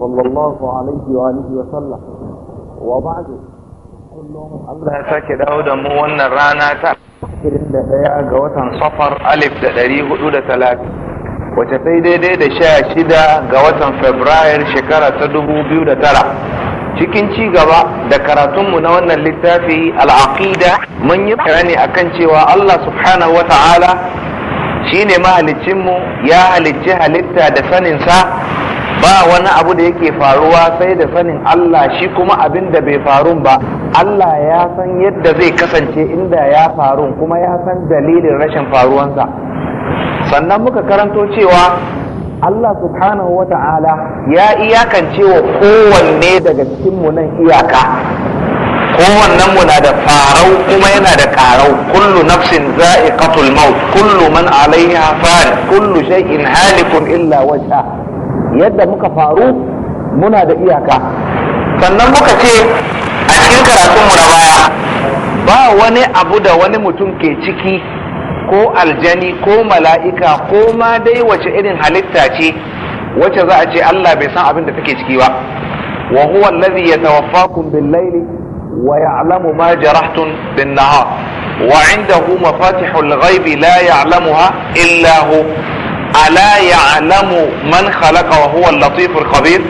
صلى الله عليه وآله وسلم وبعد kullum Allah ya sake dawo da mu wannan rana ta 21 ga watan safar alif da ɗari hudu da talatin wace sai daidai da sha shida ga watan Fabrairu shekara ta dubu biyu da tara cikin ci gaba da karatunmu na wannan littafi al'aqida mun yi bayani akan cewa Allah subhanahu wa ta'ala shine mahaliccinmu ya halicci halitta da saninsa ba wani abu da yake faruwa sai da sanin Allah shi kuma abin da bai faru ba Allah ya san yadda zai kasance inda ya faru kuma ya san dalilin rashin faruwansa sannan muka karanto cewa Allah subhanahu wa ta'ala ya iyakance wa kowanne daga cikinmu nan iyaka mu na da farau kuma yana da karau kullu nafsin za'iqatul maut kullu man alaiha fan kullu shay'in halikun illa wajha yadda muka faru muna da iyaka sannan muka ce a cikin karatunmu na baya ba wani abu da wani mutum ke ciki ko aljani ko mala'ika ko ma dai wace irin halitta ce wacce za a ce Allah bai san abin da take ciki ba wa huwa allazi yatawaffakum bil layli wa ya'lamu ma jarahtum bin nahar wa 'indahu mafatihul ghaibi la ya'lamuha illa hu ألا يعلم من خلق وهو اللطيف الخبير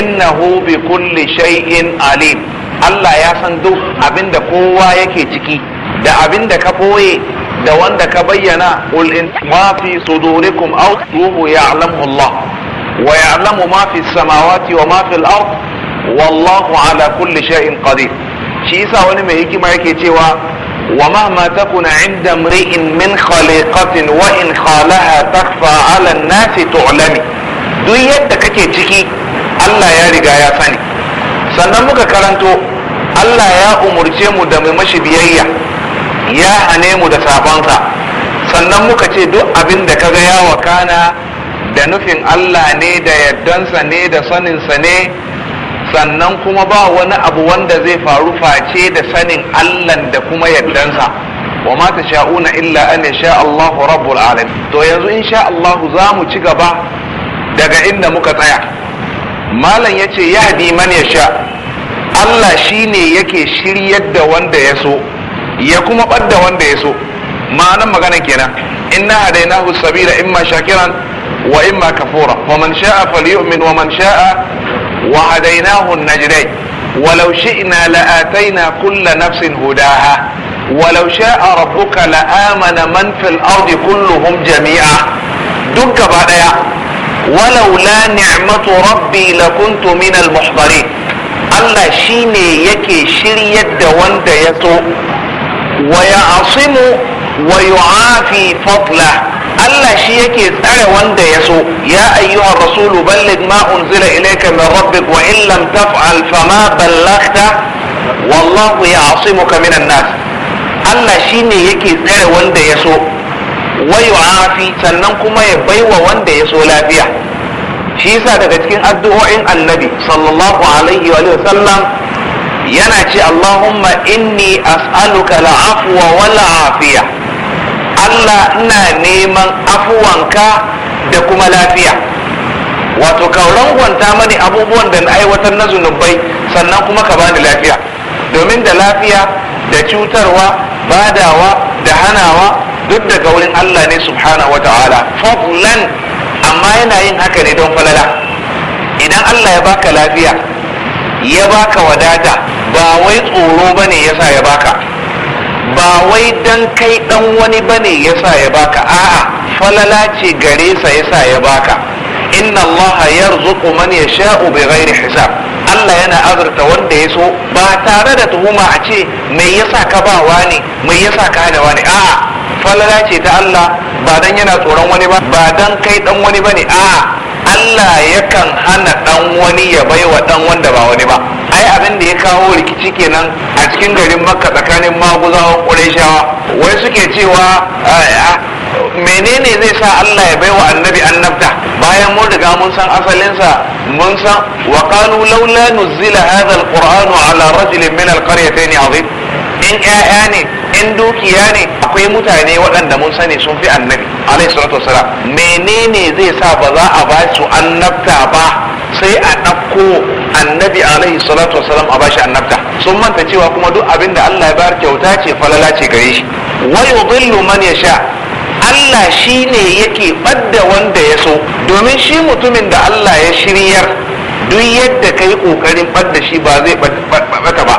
إنه بكل شيء عليم Allah ya san duk abin da kowa yake ciki da abin da ka ɓoye da wanda ka bayyana qul in ma fi sudurikum aw tuhu ya'lamu Allah wa ya'lamu ma fi samawati wa ma fil ard wallahu ala kulli shay'in qadir shi yasa wani mai hikima yake cewa ومهما تكن عند امرئ من خليقة وإن خالها تخفى على to تعلمي duk yadda kake ciki Allah ya riga ya sani sannan muka karanto Allah ya umurce mu da mai mashi biyayya ya hane mu da sabonsa sannan muka ce duk abin da kaga wa kana da nufin Allah ne da yardansa ne da saninsa ne sannan kuma ba wani abu wanda zai faru face da sanin allan da kuma yaddansa wa ma sha'una illa an ya sha Allahu rabbul alamin to yanzu in sha Allahu za mu ci gaba daga inda muka tsaya malam ya ce ya yahdi man sha. Allah shi shine yake shiryar da wanda ya so ya kuma badda wanda ya so Ma'anar magana kenan inna hadainahu sabila imma shakiran wa imma kafura wa man sha'a falyu'min wa man sha'a وهديناه النجدين ولو شئنا لاتينا كل نفس هداها ولو شاء ربك لامن من في الارض كلهم جميعا دك بعد ولولا نعمه ربي لكنت من المحضرين الله شيني يكي شري يد da يتو ويعصم ويعافي فضله Allah shi yake tsare wanda ya so ya ayyuha rasulu ballig ma unzila ilayka min rabbik wa in lam taf'al fama ballaghta wallahu ya'simuka minan nas Allah shi ne yake tsare wanda ya so wa yu'afi sannan kuma ya baiwa wanda ya so lafiya shi yasa daga cikin addu'o'in annabi sallallahu alaihi wa sallam yana ce Allahumma inni as'aluka al'afwa wal afiya Allah ina neman afuwanka da kuma lafiya wato ka rangwanta mani abubuwan da na aiwatar na zunubai sannan kuma ka bani lafiya domin da lafiya da cutarwa badawa da hanawa duk daga wurin Allah ne subhanahu wa ta'ala fadlan amma yana yin haka ne don falala idan Allah ya baka lafiya ya baka wadata ba wai tsoro bane yasa ya baka ba wai dan kai dan wani bane yasa ya baka a'a falala ce gare sa yasa ya baka inna allaha yarzuqu man yasha'u bighairi hisab Allah yana azurta wanda ya so ba tare da tuhuma a ce mai yasa ka ba wani mai yasa ka hana wani a'a falala ce ta Allah ba dan yana tsoron wani ba ba dan kai dan wani bane a'a Allah yakan hana dan wani ya baiwa dan wanda ba wani ba ai abin da ya kawo rikici kenan a cikin garin makka tsakanin maguzawan ƙurayshawa wai suke cewa menene zai sa Allah ya bai wa annabi annabta bayan mun riga mun san asalinsa mun san wa qalu laula nuzila hadha alqur'anu ala rajulin min alqaryatayn azim in ƴaƴa ne in dukiya ne akwai mutane waɗanda mun sani sun fi annabi salatu wasalam menene zai sa ba za a ba su annabta ba sai a ɗauko annabi alaihi salatu wasalam a bashi annabta sun manta cewa kuma duk abin da Allah ya bayar kyauta ce falala ce gare shi wa yudhillu man sha Allah ne yake ɓadda wanda ya so domin shi mutumin da Allah ya shiryar duk yadda yi ƙoƙarin badda shi ba zai bata ba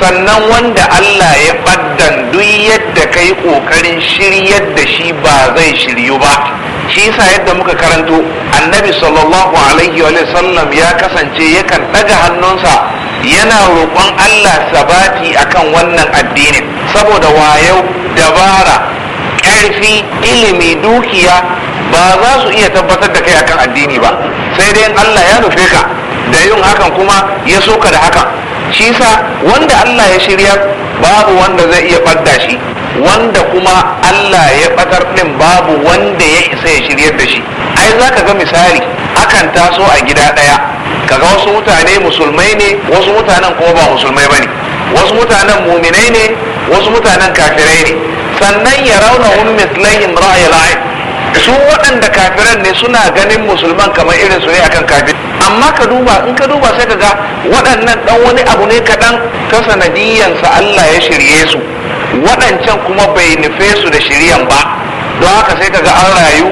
sannan wanda Allah ya faddan duk yadda ka yi ƙoƙarin shiryar da shi ba zai shiryu ba shi sa yadda muka karanto annabi sallallahu alaihi wa sallam ya kasance yakan ɗaga hannunsa yana roƙon Allah sabati akan wannan addinin saboda wayo dabara ƙarfi ilimi dukiya ba za su iya tabbatar da kai akan addini ba sai dai Allah ya nufe ka da yin hakan kuma ya soka da hakan shi sa wanda Allah ya shirya babu wanda zai iya ɓadda shi wanda kuma Allah ya ɓatar ɗin babu wanda ya isa ya shiryar da shi ai za ka ga misali akan taso a gida ɗaya kaga wasu mutane musulmai ne wasu mutanen kuma ba musulmai ba ne wasu mutanen muminai ne wasu mutanen kafirai ne sannan ya rauna hun mislayin ra'ayi su waɗanda kafiran ne suna ganin musulman kamar irin su ne akan kafir amma ka duba in ka duba sai ka ga waɗannan ɗan wani abu ne kaɗan ta sanadiyyansa Allah ya shirye su waɗancan kuma bai nufe su da shiryan ba don haka sai ka ga an rayu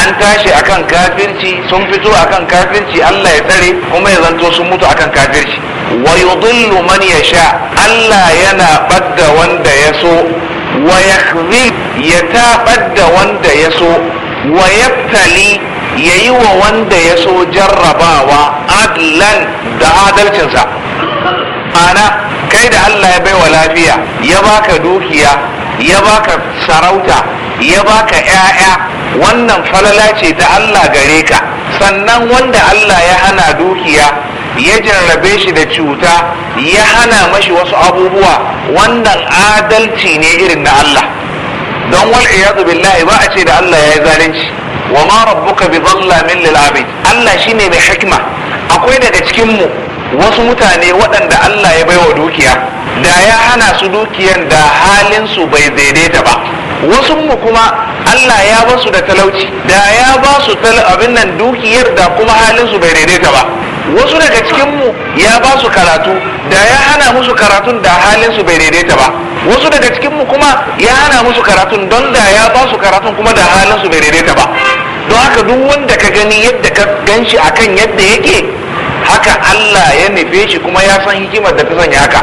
an tashi akan kafirci sun fito akan kafirci Allah ya tsare kuma ya zanto sun mutu akan kafirci wa yudillu man yasha Allah yana badda wanda ya so wa yakhzi ya taɓar wanda ya so wa ya yi wa wanda ya so jarrabawa adlan da adalcinsa ana kai da allah ya baiwa lafiya ya baka dukiya ya baka sarauta ya baka 'ya'ya wannan falala ce ta allah gare ka sannan wanda allah ya hana dukiya ya jarrabe shi da cuta ya hana mashi wasu abubuwa wannan adalci ne irin na allah don wal iyadu billahi ba a ce da allah ya yi zalunci wa ma rabbuka bi dhallamin lil abid Allah shine mai hikima akwai daga cikin mu wasu mutane waɗanda Allah ya baiwa dukiya da ya hana su dukiyan da halin su bai daidaita ba wasu mu kuma Allah ya ba su da talauci da ya ba su abin nan dukiyar da kuma halin su bai daidaita ba wasu daga cikin mu ya ba su karatu da ya hana musu karatun da halin su bai daidaita ba wasu daga cikin mu kuma ya hana musu karatun don da ya ba su karatun kuma da halin su bai daidaita ba don haka duk wanda ka gani yadda ka gan shi akan yadda yake haka Allah ya nufe shi kuma ya san hikimar da ta sanya haka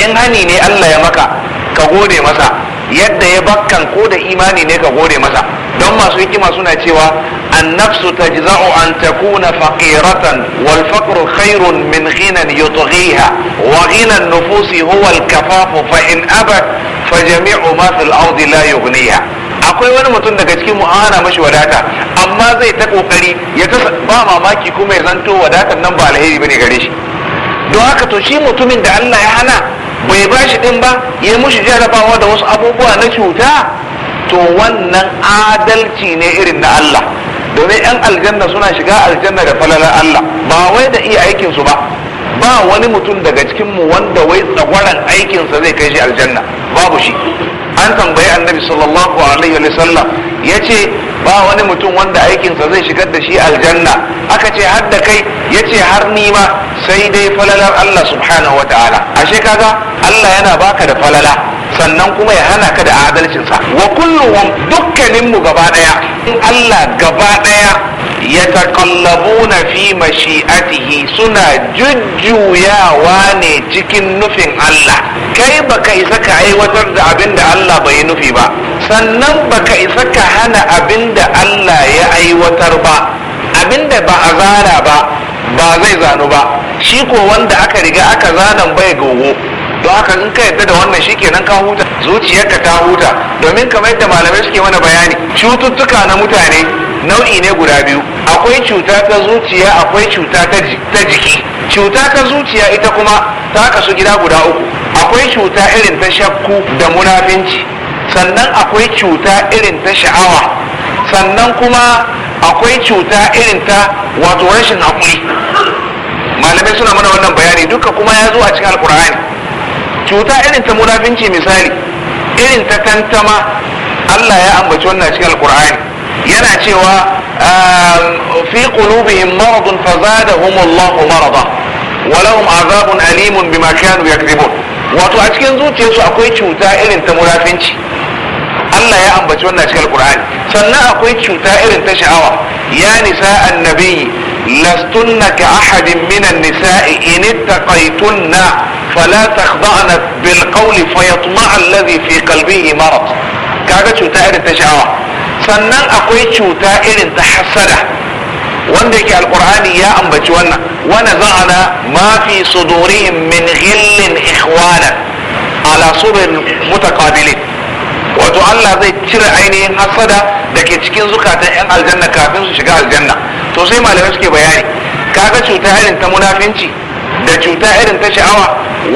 in hani ne Allah ya maka ka gode masa yadda ya bakkan ko da imani ne ka gode masa don masu hikima suna cewa an nafsu tajza'u an takuna faƙiratan wal faqru khairun min ghinan yutghiha wa ghinan nufusi huwal kafafu fa in abad fa jami'u ma fil ardi la yughniha akwai wani mutum daga cikin mu'amala mashi wadata amma zai ta kokari ya ta ba mamaki kuma ya zanto wadatar nan ba alheri bane gare shi don haka to shi mutumin da Allah ya hana bai ba shi din ba ya mushi jarabawa da wasu abubuwa na cuta to wannan adalci ne irin na Allah domin yan aljanna suna shiga aljanna da falalar Allah ba wai da iya aikin su ba ba wani mutum daga cikin mu wanda wai tsagwaran aikinsa zai kai shi aljanna babu shi an tambayi annabi sallallahu alaihi wa sallam ya ce ba wani mutum wanda aikinsa zai shigar da shi aljanna aka ce har da kai ya ce har ni ma sai dai falalar Allah subhanahu ta'ala. ashe kaga Allah yana baka da falala sannan kuma ya hana ka da adalcinsa wa kulluhum dukkaninmu gaba daya in Allah gaba daya Ya yatakallabuna fi mashi'atihi suna jujjuyawa ne cikin nufin Allah kai baka isa ka aiwatar da abin da Allah bai nufi ba sannan baka isa ka hana abin da Allah ya aiwatar ba Abinda ba a zana ba ba zai zanu ba shi ko wanda aka riga aka zanan bai gogo don haka in ka yadda da wannan shikenan ka huta zuciyarka ta huta domin kamar yadda malamai suke mana bayani cututtuka na mutane nau'i ne guda biyu akwai cuta ta zuciya akwai cuta ta jiki cuta ta zuciya ita kuma ta kasu gida guda uku akwai cuta irin ta shakku da munafinci sannan akwai cuta irin ta sha'awa sannan kuma akwai cuta irin ta wato rashin haƙuri malamai suna mana wannan bayani duka kuma ya zo a cikin alkur'ani cuta irin ta munafinci misali irin ta tantama allah ya ambaci wannan cikin alkur'ani yana cewa fi qulubihim maradun fazadahum Allahu marada walahum azabun alim bima kanu yakzibun wato a cikin su akwai cuta irin ta murafinci Allah ya ambaci wannan cikin Qur'ani sannan akwai cuta irin ta sha'awa ya nisa annabi lastunna ka ahadin minan nisa'i in ittaqaytunna fala takhda'na bil qawli fayatma'a alladhi fi qalbihi marad kaga cuta irin ta sha'awa sannan akwai cuta irin ta hasada wanda yake alkur'ani ya ambaci wannan wani za'ana ma fi sudurihim min ghillin ikhwana ala surin mutakabili wato Allah zai cire ainihin hasada da ke cikin zukatan 'yan aljanna kafin su shiga aljanna to sai malamai suke bayani kaga cuta irin ta munafinci da cuta irin ta sha'awa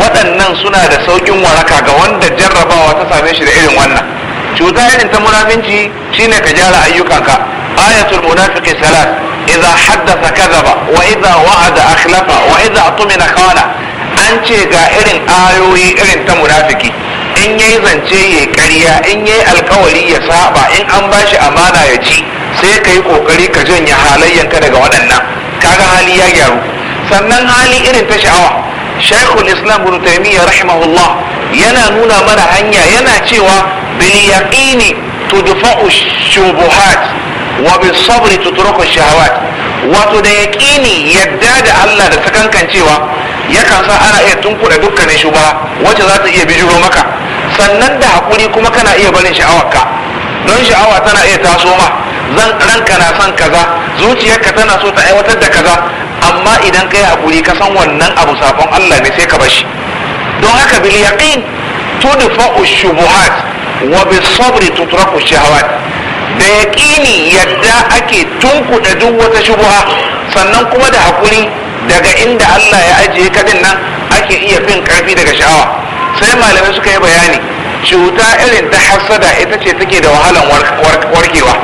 waɗannan suna da sauƙin waraka ga wanda jarrabawa ta same shi da irin wannan cuta irin ta munafinci shine ka gyara ayyukanka ayatul munafiqi salat idza haddatha kadhaba wa idza wa'ada akhlafa wa idza atmina khana an ce ga irin ayoyi irin ta munafiki in yayi zance yayi ƙarya in yayi alkawari ya saba in an bashi amana ya ci sai ka yi kokari ka janye halayyanka daga waɗannan kaga hali ya gyaru sannan hali irin ta sha'awa shaikhul islam ibn taymiyyah rahimahullah yana nuna mana hanya yana cewa bil yaqini tudfa'u shubuhat wa bis sabri tutraku shahawat wato da yaqini yadda da Allah da Ya yakan sa ana iya tunkuda dukkanin shubha wacce za ta iya bijiro maka sannan da hakuri kuma kana iya barin sha'awarka don sha'awa tana iya taso ma zan ranka na son kaza zuciyarka tana so ta aiwatar da kaza amma idan kai hakuri ka san wannan abu safan Allah ne sai ka bashi don haka bil yaqin tudfa'u shubuhat wa bis sabri tutraku shahawat da yaqini yadda ake tunkuda duk wata shubuha sannan kuma da hakuri daga inda Allah ya ajiye ka din nan ake iya fin karfi daga sha'awa sai malamai suka yi bayani cuta irin ta hasada ita ce take da wahalan warkewa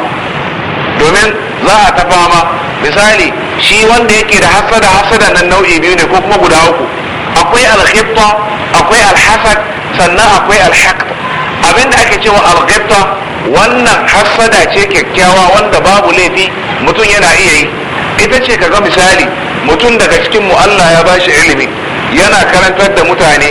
domin za a ta fama misali shi wanda yake da hasada hasada nan nau'i biyu ne ko kuma guda uku akwai alghibta akwai alhasad sannan akwai alhaqd abinda ake cewa alghibta wannan hasada ce kyakkyawa wanda babu laifi mutum yana iya yi ita ce kaga misali mutum daga cikin mu Allah ya bashi ilimi yana karantar da mutane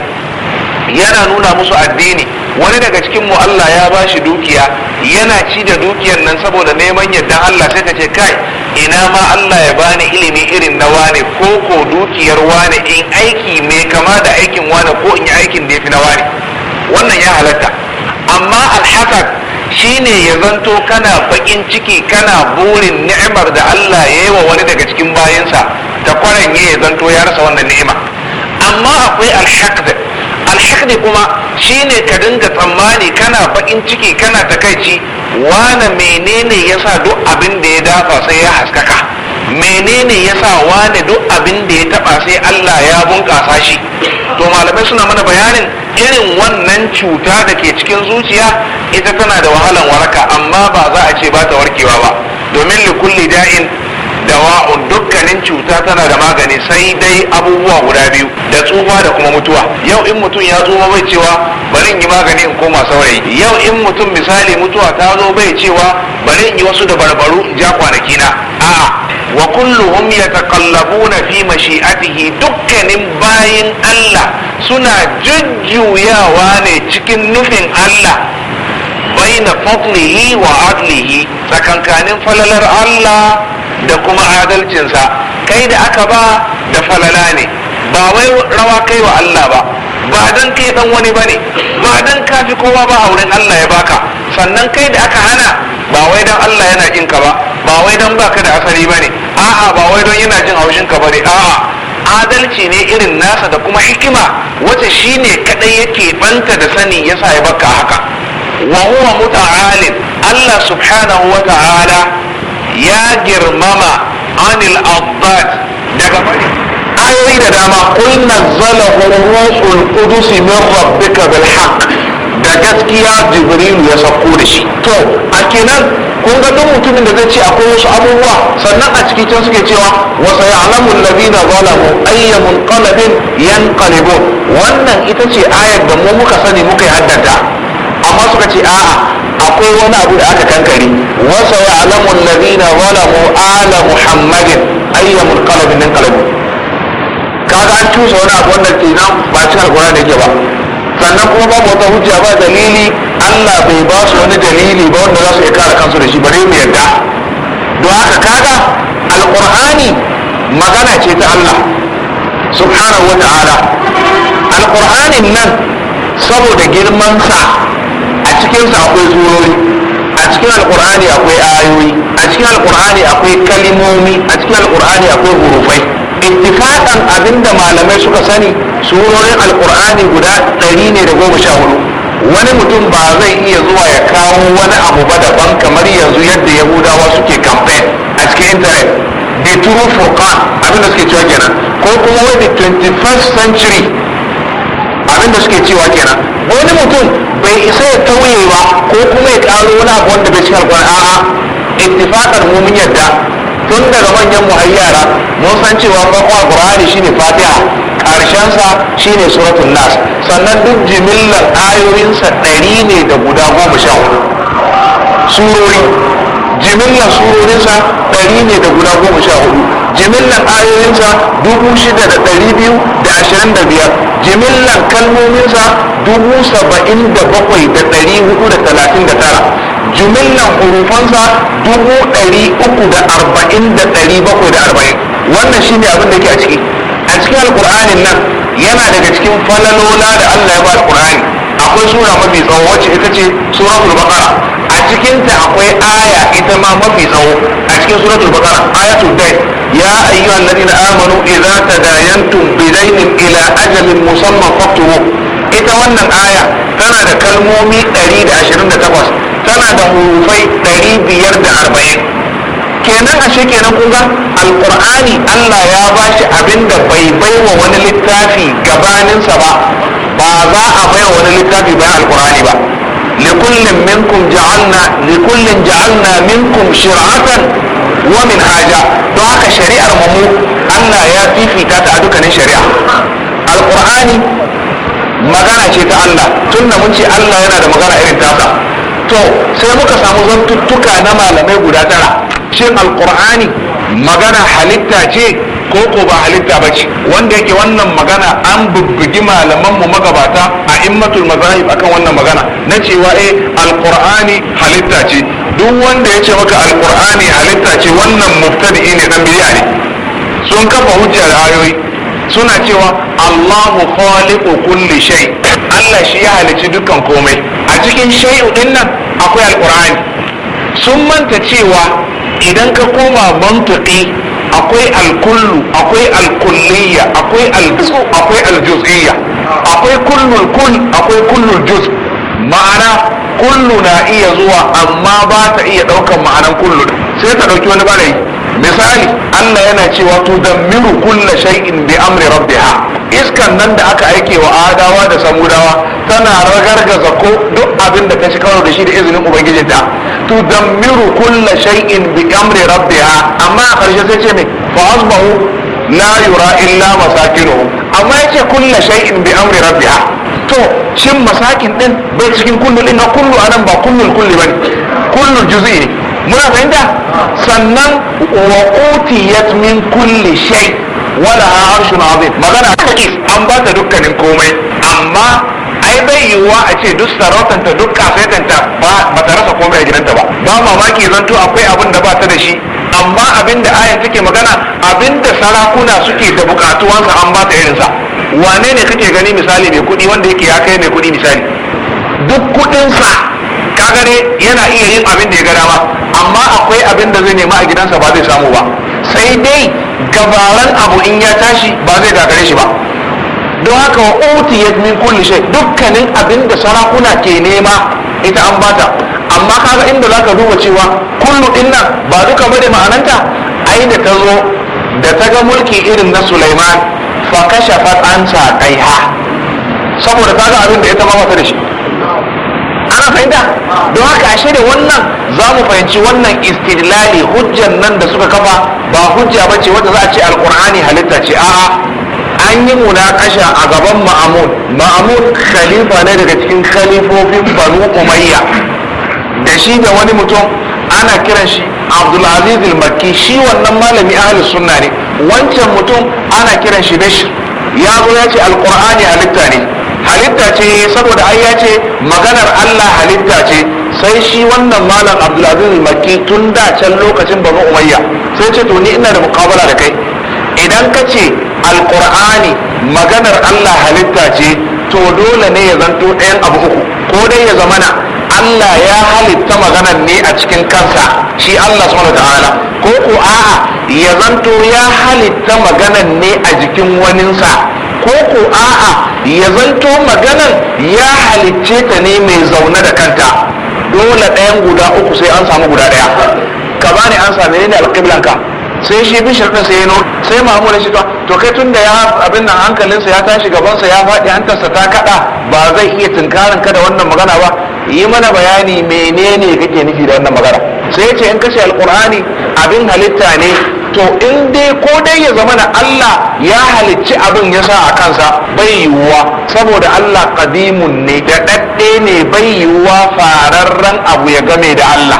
yana nuna musu addini wani daga cikin mu Allah ya ba shi dukiya yana ci da dukiyar nan saboda neman yadda Allah sai ka ce kai ina ma Allah ya bani ilimi irin na wane ko ko dukiyar wane in aiki mai kama da aikin wane ko in yi aikin da ya fi na wane wannan ya halatta amma alhasad ne ya zanto kana bakin ciki kana burin ni'imar da Allah ya yi wa wani daga cikin bayansa ta kwaranye ya zanto ya rasa wannan ni'ima amma akwai alhakar alhaqdi kuma shine ka dinga tsammani kana bakin ciki kana takaici wane menene yasa duk abin da ya dafa sai ya haskaka menene yasa wane duk abin da ya taɓa sai Allah ya bunkasa shi to malamai suna mana bayanin irin wannan cuta da ke cikin zuciya ita tana da wahalan waraka amma ba za a ce ba ta warkewa ba domin likulli da'in dawa'un dukkanin cuta tana da magani sai dai abubuwa guda biyu da tsufa da kuma mutuwa yau in mutum ya tsufa bai cewa bari in yi magani in koma saurayi yau in mutum misali mutuwa ta zo bai cewa bari in yi wasu dabarbaru in ja kwanaki na a'a wa kulluhum yataqallabuna fi mashi'atihi dukkanin bayin Allah suna jujjuyawa ne cikin nufin Allah baina fadlihi wa adlihi tsakankanin falalar Allah da kuma adalcinsa kai da aka ba da falala ne ba wai rawa kai wa Allah ba ba dan kai dan wani bane ba dan ka fi kowa ba a wurin Allah ya baka sannan kai da aka hana ba wai dan Allah yana jin ka ba ba wai dan baka da asali bane a'a ba wai don yana jin haushin ka bane a'a adalci ne irin nasa da kuma hikima wace shine kadai yake banta da sani yasa ya baka haka wa huwa muta'alin Allah subhanahu wa ta'ala ya girmama anil abbad daga bari ayoyi da dama kul nazzalahu ruhul qudus min rabbika bil haqq da gaskiya Jibrilu ya sauko da shi to a kenan kun ga duk mutumin da zai ce akwai wasu abubuwa sannan a cikin can suke cewa wa sayalamu alladhina zalamu ayyamun qalbin yanqalibun wannan ita ce ayar da mu muka sani muka haddata amma suka ce a'a akwai wani abu da aka kankare wasa ya alamu ladina zalamu ala muhammadin ayyamul qalbin min qalbi kaga an tusa wani abu wannan nan ba cikin da yake ba sannan kuma babu wata hujja ba dalili Allah bai ba su wani dalili ba wanda za su iya kare kansu da shi bare mu yarda don haka kaga alqur'ani magana ce ta Allah subhanahu wa ta'ala alqur'anin nan saboda girman sa sa akwai surori a cikin alkur'ani akwai ayoyi a cikin alkur'ani akwai kalimomi a cikin alkur'ani akwai hurufai ittifaqan abinda malamai suka sani surorin alkur'ani guda ɗari ne da goma sha hudu wani mutum ba zai iya zuwa ya kawo wani abu ba daban kamar yanzu yadda yahudawa suke campaign a cikin intanet da turu furqan abinda suke cewa kenan ko kuma wani 21st century abinda suke cewa kenan wani mutum bai isa ya tauye ba ko kuma ya karo wani abu wanda bai cikin alƙur'ani a'a ittifaqan mu mun yadda tun daga manyan mu hayyara mun san cewa farkon alƙur'ani shine fatiha sa shine suratul nas sannan duk jimillar ayoyinsa ɗari ne da guda goma sha hudu surori jimillar sa ɗari ne da guda goma sha hudu jimillan ayoyinsa dubu shida da ɗari biyu da ashirin da biyar jimillan kalmominsa dubu saba'in da bakwai da ɗari hudu da talatin da tara jimillan hurufansa dubu ɗari uku da arba'in da ɗari bakwai da arba'in wannan shine abin da ke a ciki a cikin alkur'anin nan yana daga cikin falalola da allah ya ba alkur'ani akwai sura mafi tsawo wacce ita ce suratul baqara a cikinta akwai aya ita ma mafi tsawo a cikin suratul baqara ayatul dai يا أيها الذين ta إذا تداينتم بدين ila أجل musamman فاكتبوه ita wannan aya tana da kalmomi ɗari da 128 tana da hurufai arba'in. kenan ashe kenan kunga alkur'ani Allah ya bashi abinda bai baiwa wani littafi gabaninsa ba ba za a baiwa wani littafi bayan alkur'ani ba likullin minkum ja'alna likullin ja'alna minkum shir'atan wa min haja don haka shari'ar mu Allah ya fifita ta a dukkanin shari'a alqur'ani magana ce ta Allah tunda mun ce Allah yana da magana irin tasa to sai muka samu zantuttuka na malamai guda tara shin alqur'ani magana halitta ce ko ko ba halitta ba ce wanda yake wannan magana an bubbugi malaman mu magabata a immatul mazahib akan wannan magana na cewa eh alqur'ani halitta ce duk wanda ya ce maka alkur'ani halitta ce wannan mubtadi ne dan bid'a ne sun kafa hujjar ayoyi suna cewa Allahu khaliqu kulli shay Allah shi ya halici dukkan komai a cikin shay'u din nan akwai alkur'ani sun manta cewa idan ka koma mantiki akwai alkullu akwai alkulliyya akwai aljuzu akwai aljuz'iyya akwai kullul kull akwai kullul juz ma'ana kullu na iya zuwa amma ba ta iya ɗaukan ma'anar kullu sai ta ɗauki wani bare misali Allah yana cewa to damiru kulla shay'in bi amri rabbiha iskan nan da aka aike wa adawa da samudawa tana ragargaza ko duk abin da ta shi kawo da shi da izinin ubangijinta to damiru kulla shay'in bi amri rabbiha amma a ƙarshe sai ce me fa asbahu la yura illa masakinuhum amma yace kulla shay'in bi amri rabbiha to shin masakin din bai cikin kullu din na kullu anan ba kullul kulli bane kullul juz'i ne. muna fahimta sannan wa utiyat min kulli shay wala arshun azim magana ke. an ba ta dukkanin komai amma ai bai yiwuwa a ce duk sarautanta duk kafetanta ba ta rasa komai a gidanta ba ba mamaki zanto akwai abin da ba ta da shi amma abin da ayan take magana abin da sarakuna suke da bukatuwansa an ba ta irinsa wane ne kake gani misali mai kuɗi wanda yake ya kai mai kuɗi misali duk kuɗinsa ka gane yana iya yin abin da ya gada ba amma akwai abin da zai nema a gidansa ba zai samu ba sai dai gabaran abu in ya tashi ba zai gagare shi ba don haka wa ya min kulli shay dukkanin abin da sarakuna ke nema ita an bata amma kaga inda za ka duba cewa kullu dinnan ba duka bane ma'ananta ai da ta zo da ta ga mulki irin na Sulaiman fa kashafat an ha. saboda kaga abin da ya tama masa da shi ana fahimta don haka ashe da wannan za mu fahimci wannan istidlali hujjan nan da suka kafa ba hujja ba ce wadda za a ce alkur'ani halitta ce a'a an yi munakasha a gaban ma'amun ma'amun khalifa ne daga cikin khalifofin banu umayya da shi da wani mutum ana kiran shi abdulaziz al-makki shi wannan malami ahlus sunna ne wancan mutum ana kiran shi bashir ya zo ya ce alkur'ani halitta ne halitta ce saboda ai ya ce maganar allah halitta ce sai shi wannan malam abdulaziz makki tun da can lokacin banu umayya sai ce to ni ina da mukabala da kai idan ka ce alkur'ani maganar allah halitta ce to dole ne ya zanto ɗayan abu uku ko dai ya zamana Allah ya halitta maganar ne a cikin kansa shi Allah subhanahu ta'ala ko ko a'a ya zanto ya halitta maganar ne a jikin waninsa ko ko a'a ya zanto maganar ya halicce ta ne mai zaune da kanta dole ɗayan guda uku sai an samu guda ɗaya ka bani an same ni alƙiblanka sai shi bin ɗin sai yano sai mamu da ba. to kai tun da ya abin nan hankalinsa ya tashi gabansa ya faɗi hantarsa ta kaɗa ba zai iya tunkarin ka da wannan magana ba yi mana bayani menene kake nufi da wannan magana sai ya ce in kashe alkur'ani abin halitta ne to in dai ko dai ya zama da Allah ya halicci abin ya sa a kansa bai yiwuwa saboda Allah kadimun ne da dadde ne bai yiwuwa fararren abu ya game da Allah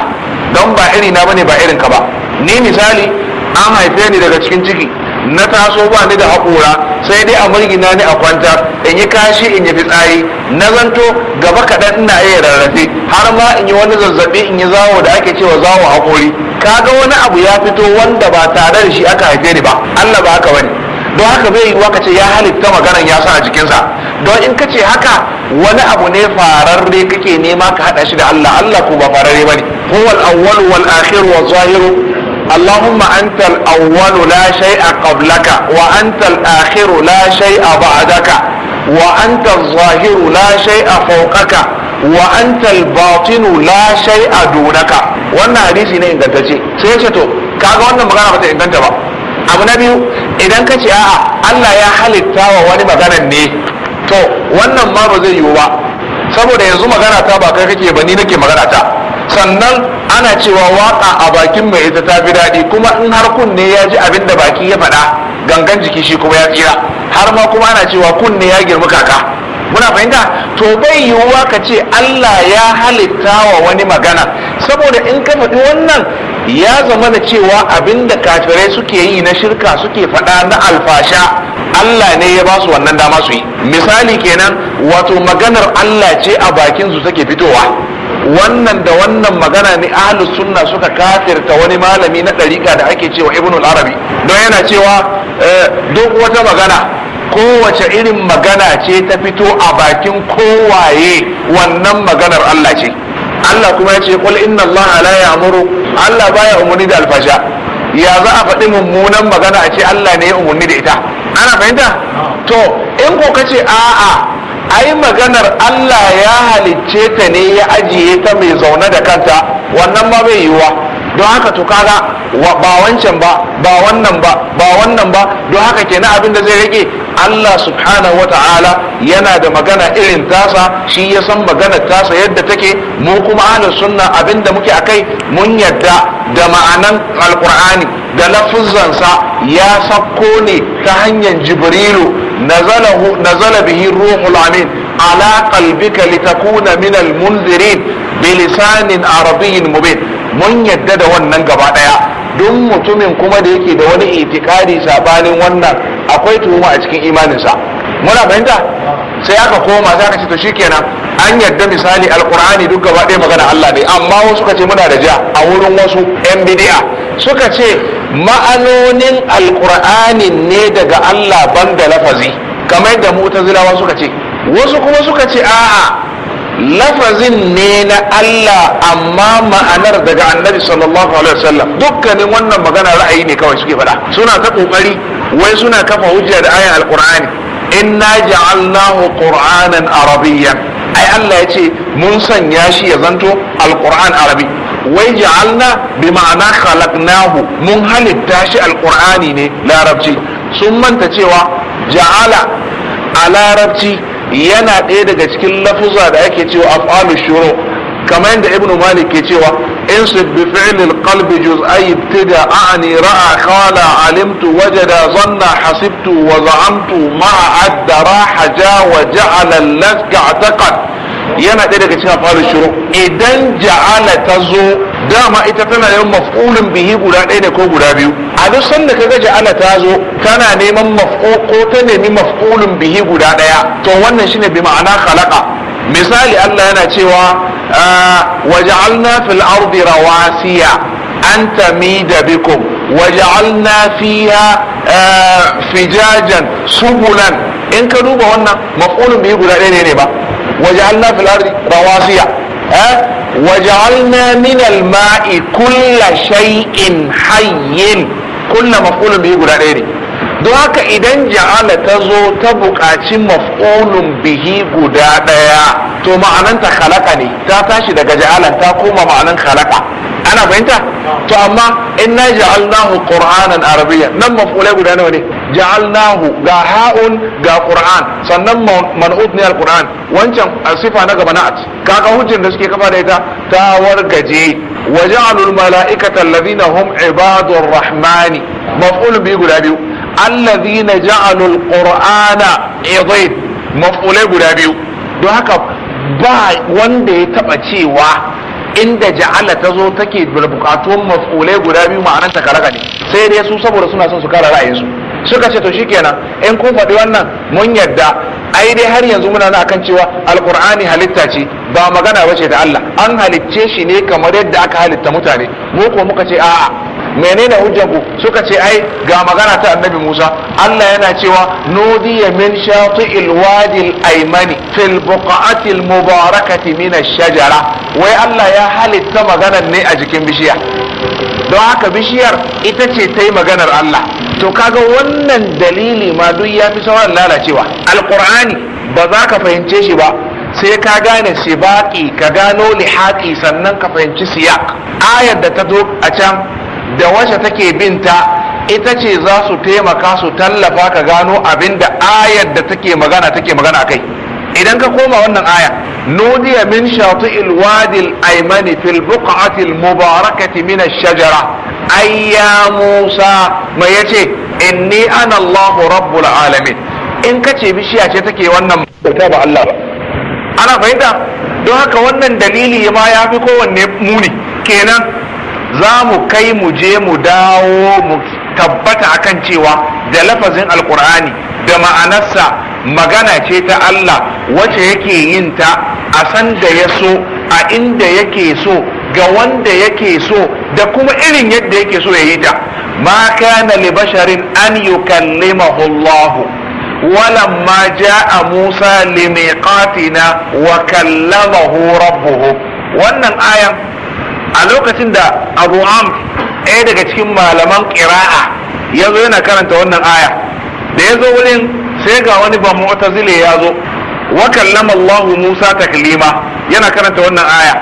don ba iri na bane ba irin ka ba ni misali an haife ni daga cikin ciki na taso ba ni da haƙura sai dai a murgina ni a kwanta in yi kashi in yi fitsari na zanto gaba kaɗan ina iya rarrafe har ma in yi wani zazzaɓi in yi zawo da ake cewa zawo haƙori kaga wani abu ya fito wanda ba tare da shi aka haife ni ba Allah ba haka bane don haka bai yiwuwa ka ce ya halitta maganar ya sa a jikinsa don in ka ce haka wani abu ne fararre kake nema ka haɗa shi da Allah Allah ko ba fararre bane huwal awwal wal akhir wal zahiru اللهم أنت الأول لا شيء قبلك وأنت الآخر لا شيء بعدك وأنت الظاهر لا شيء فوقك وأنت الباطن لا شيء دونك wannan hadisi ne ingantacce sai ya ce to kaga wannan magana ba ta ba abu na biyu idan ka ce a'a Allah ya halitta wa wani maganan ne to wannan ma ba zai yiwu ba saboda yanzu magana ta ba kai kake ba ni nake magana ta sannan ana cewa waka a bakin mai ita ta fi daɗi kuma in har kunne ya ji abin da baki ya faɗa gangan jiki shi kuma ya tsira har ma kuma ana cewa kunne ya girma kaka muna fahimta to bai yiwuwa ka ce Allah ya halitta wa wani magana saboda in ka faɗi wannan ya zama da cewa abin da kafirai suke yi na shirka suke faɗa na alfasha Allah ne ya ba su wannan dama su yi misali kenan wato maganar Allah ce a bakin su take fitowa wannan da wannan magana ne ahlus sunna suka kafirta wani malami na ɗariƙa da ake cewa ibn arabi don yana cewa eh, duk wata magana kowace irin magana ce ta fito a bakin kowaye wannan maganar Allah ce Allah kuma ya ce qul inna Allah la ya'muru Allah baya umarni da alfasha ya za a faɗi mummunan magana a ce Allah ne ya umarni da ita ana fahimta to in ko kace a'a ai maganar Allah ya halicce ta ne ya ajiye ta mai zaune da kanta wannan ma bai yiwuwa don haka to kaga ba wancan ba ba wannan ba ba wannan ba don haka kenan abin da zai rage Allah subhanahu wa ta'ala yana da magana irin tasa shi ya san magana tasa yadda take mu kuma ahlus sunna abin da muke akai mun yadda da ma'anan alqur'ani da sa ya sakko ne ta hanyar jibrilu nazalahu nazala bihi ruhul amin ala qalbika litakuna min almunzirin bilisanin arabiyyin mubin mun yadda da wannan gaba daya duk mutumin kuma da yake da wani itikadi sabanin wannan akwai tuhuma a cikin imaninsa muna fahimta sai aka koma sai aka ce to shikenan an yadda misali alkur'ani duk gaba ɗaya magana Allah ne amma wasu suka ce muna da ja a wurin wasu yan bidi'a suka ce ma'anonin alkur'ani ne daga Allah banda lafazi kamar yadda mu'tazilawa suka ce wasu kuma suka ce a'a lafazin ne na Allah amma ma'anar daga annabi sallallahu alaihi wasallam dukkanin wannan magana ra'ayi ne kawai suke faɗa suna ta kokari wai suna kafa hujja da ayan alqur'ani inna ja'alnahu qur'anan arabiyyan ai Allah ya ce mun sanya shi ya zanto alqur'an arabi wai ja'alna bi ma'ana khalaqnahu mun halitta shi alqur'ani ne larabci sun manta cewa ja'ala a larabci yana ɗaya daga cikin lafuza da ake cewa af'alu shuru kamar yadda ibn malik ke cewa in su bi fi'lil qalbi juz'ai ibtida a'ani ra'a qala alimtu wajada zanna hasibtu wa za'amtu ma adda raha ja wa ja'ala lazga taqad yana ɗaya daga cikin af'alu shuru idan ja'ala tazo dama ita tana yin maf'ulun bihi guda ɗaya ne ko guda biyu a duk sanda kaga ja'ala ta zo kana neman maf'ul ko ta nemi maf'ulun bihi guda daya to wannan shine bi ma'ana khalaqa misali Allah yana cewa ah, waja'alna fil ardi rawasiya an tamida bikum waja'alna fiha ah, fijajan subulan in ka duba wannan maf'ulun bihi guda daya ne ba waja'alna fil ardi rawasiya min من الماء كل شيء حي kunna maf'ulun bihi guda ɗaya ne don haka idan ja'ala ta zo ta buƙaci maf'ulun bihi guda ɗaya to ma'ananta khalaqa ne ta tashi daga ja'alan ta koma ma'anan khalaqa ana fahimta to amma inna ja'alnahu qur'anan arabiyya nan maf'ulai guda nawa ne ja'alnahu ga ha'un ga qur'an sannan man'ud ne al-qur'an wancan asifa na gaba na'at kaga hujjar da suke kafa da ita ta wargaje wa ja'alul mala'ikata alladhina hum ibadur rahmani maf'ul bi guda biyu alladhina ja'alul qur'ana idin maf'ulai guda biyu don haka ba wanda ya taba cewa inda ja'ala ta zo take da bukatun maf'ulai guda biyu ma'anar ta karaka ne sai dai su saboda suna son su kara ra'ayinsu suka ce to kenan, in kun faɗi wannan mun yadda ai dai har yanzu muna na akan cewa alqur'ani halitta ce ba magana bace da Allah an halicce shi ne kamar yadda aka halitta mutane mu ko muka ce a'a menene hujjan ku suka ce ai ga magana ta annabi Musa Allah yana cewa nudiya min shati'il wadi al-aymani fil buqati al-mubarakati min ash-shajara wai Allah ya halitta maganar ne a jikin bishiya don haka bishiyar ita ce ta yi maganar Allah to kaga wannan dalili ma duk ya fi sauran lalacewa alkur'ani ba za ka fahimce shi ba sai ka gane sibaki ka gano lihaqi sannan ka fahimci siyak ayar da ta zo a can da wacce take binta ita ce za su taimaka su tallafa ka gano abin da ayar da take magana take magana akai idan ka koma wannan aya nudiya min shatu ilwadi aymani fil buq'atil mubarakati min ash-shajara ayya musa mai yace inni ana allah rabbul alamin in ka ce bishiya ce take wannan bauta ba allah ba ana fahimta don haka wannan dalili ma ya fi kowanne muni kenan za mu kai mu je mu dawo mu tabbata a kan cewa da lafazin alkur'ani da ma'anarsa magana ce ta Allah wacce yake yin ta a san da ya so a inda yake so ga wanda yake so da kuma irin yadda yake so ya yi ta ma kana li basharin an yukallimahu Allah ولما musa موسى لميقاتنا وكلمه rabbuhu wannan ayan a lokacin da abu am ɗaya daga cikin malaman ƙira'a ya zo yana karanta wannan aya da ya zo wurin sai ga wani ba zile ya zo wa kallama Allah Musa taklima yana karanta wannan aya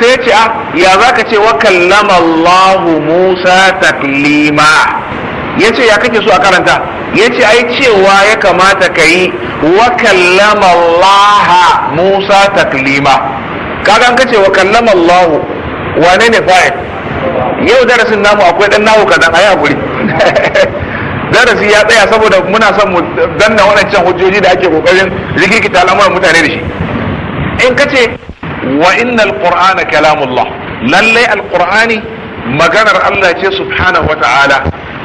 sai ya ce a ah, ya za ka ce wa kallama Allah Musa taklima ya ce ya kake so a karanta ya ce ai cewa ya kamata ka yi wa kallama Allah Musa taklima kaga an kace wa kallama Allah wane ne fa'il yau darasin namu akwai dan nawo kadan ayi hakuri darasi ya tsaya saboda muna son mu danna waɗancan hujjoji da ake kokarin rikirkita al'amuran mutane da shi in ka ce wa innal qur'ana kalamullah lallai alqur'ani maganar Allah ce subhanahu wa ta'ala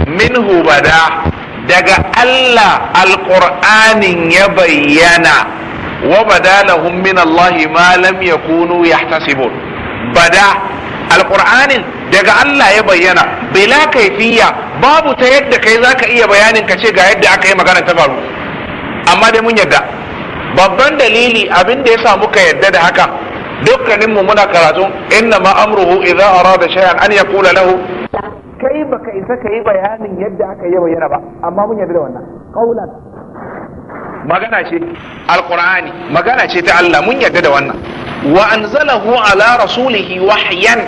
minhu bada daga Allah alqur'anin ya bayyana wa bada lahum min Allah ma lam yakunu yahtasibun bada alƙur'anin daga Allah ya bayyana bila kaifiya babu ta yadda kai za ka iya bayanin ka ce ga yadda aka yi magana ta faru amma dai mun yadda babban dalili abin da ya sa muka yadda da haka dukkaninmu muna karatu inna ma amruhu idza arada shay'an an yaqula lahu kai baka isa kai bayanin yadda aka yi bayyana ba amma mun yadda da wannan qaulan magana ce alqur'ani magana ce ta Allah mun yarda da wannan wa anzalahu ala rasulihi wahyan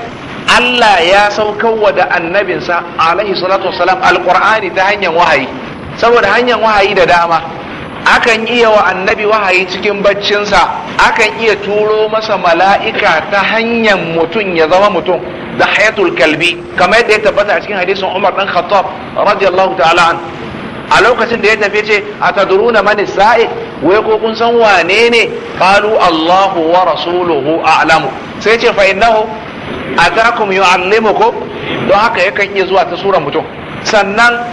Allah ya saukarwa da annabinsa alaihi salatu wassalam alqur'ani ta hanyar wahayi saboda hanyar wahayi da dama akan iya wa annabi wahayi cikin baccinsa akan iya turo masa mala'ika ta hanyar mutum ya zama mutum da hayatul kalbi kamar yadda ya tabbata a cikin hadisin Umar dan Khattab radiyallahu ta'ala an a lokacin da ya tafi ce a tadruna man sa'i wai ko kun san wane ne Allahu wa rasuluhu a'lamu sai ce fa innahu atakum yu'allimukum don haka yakan iya zuwa ta suran mutum sannan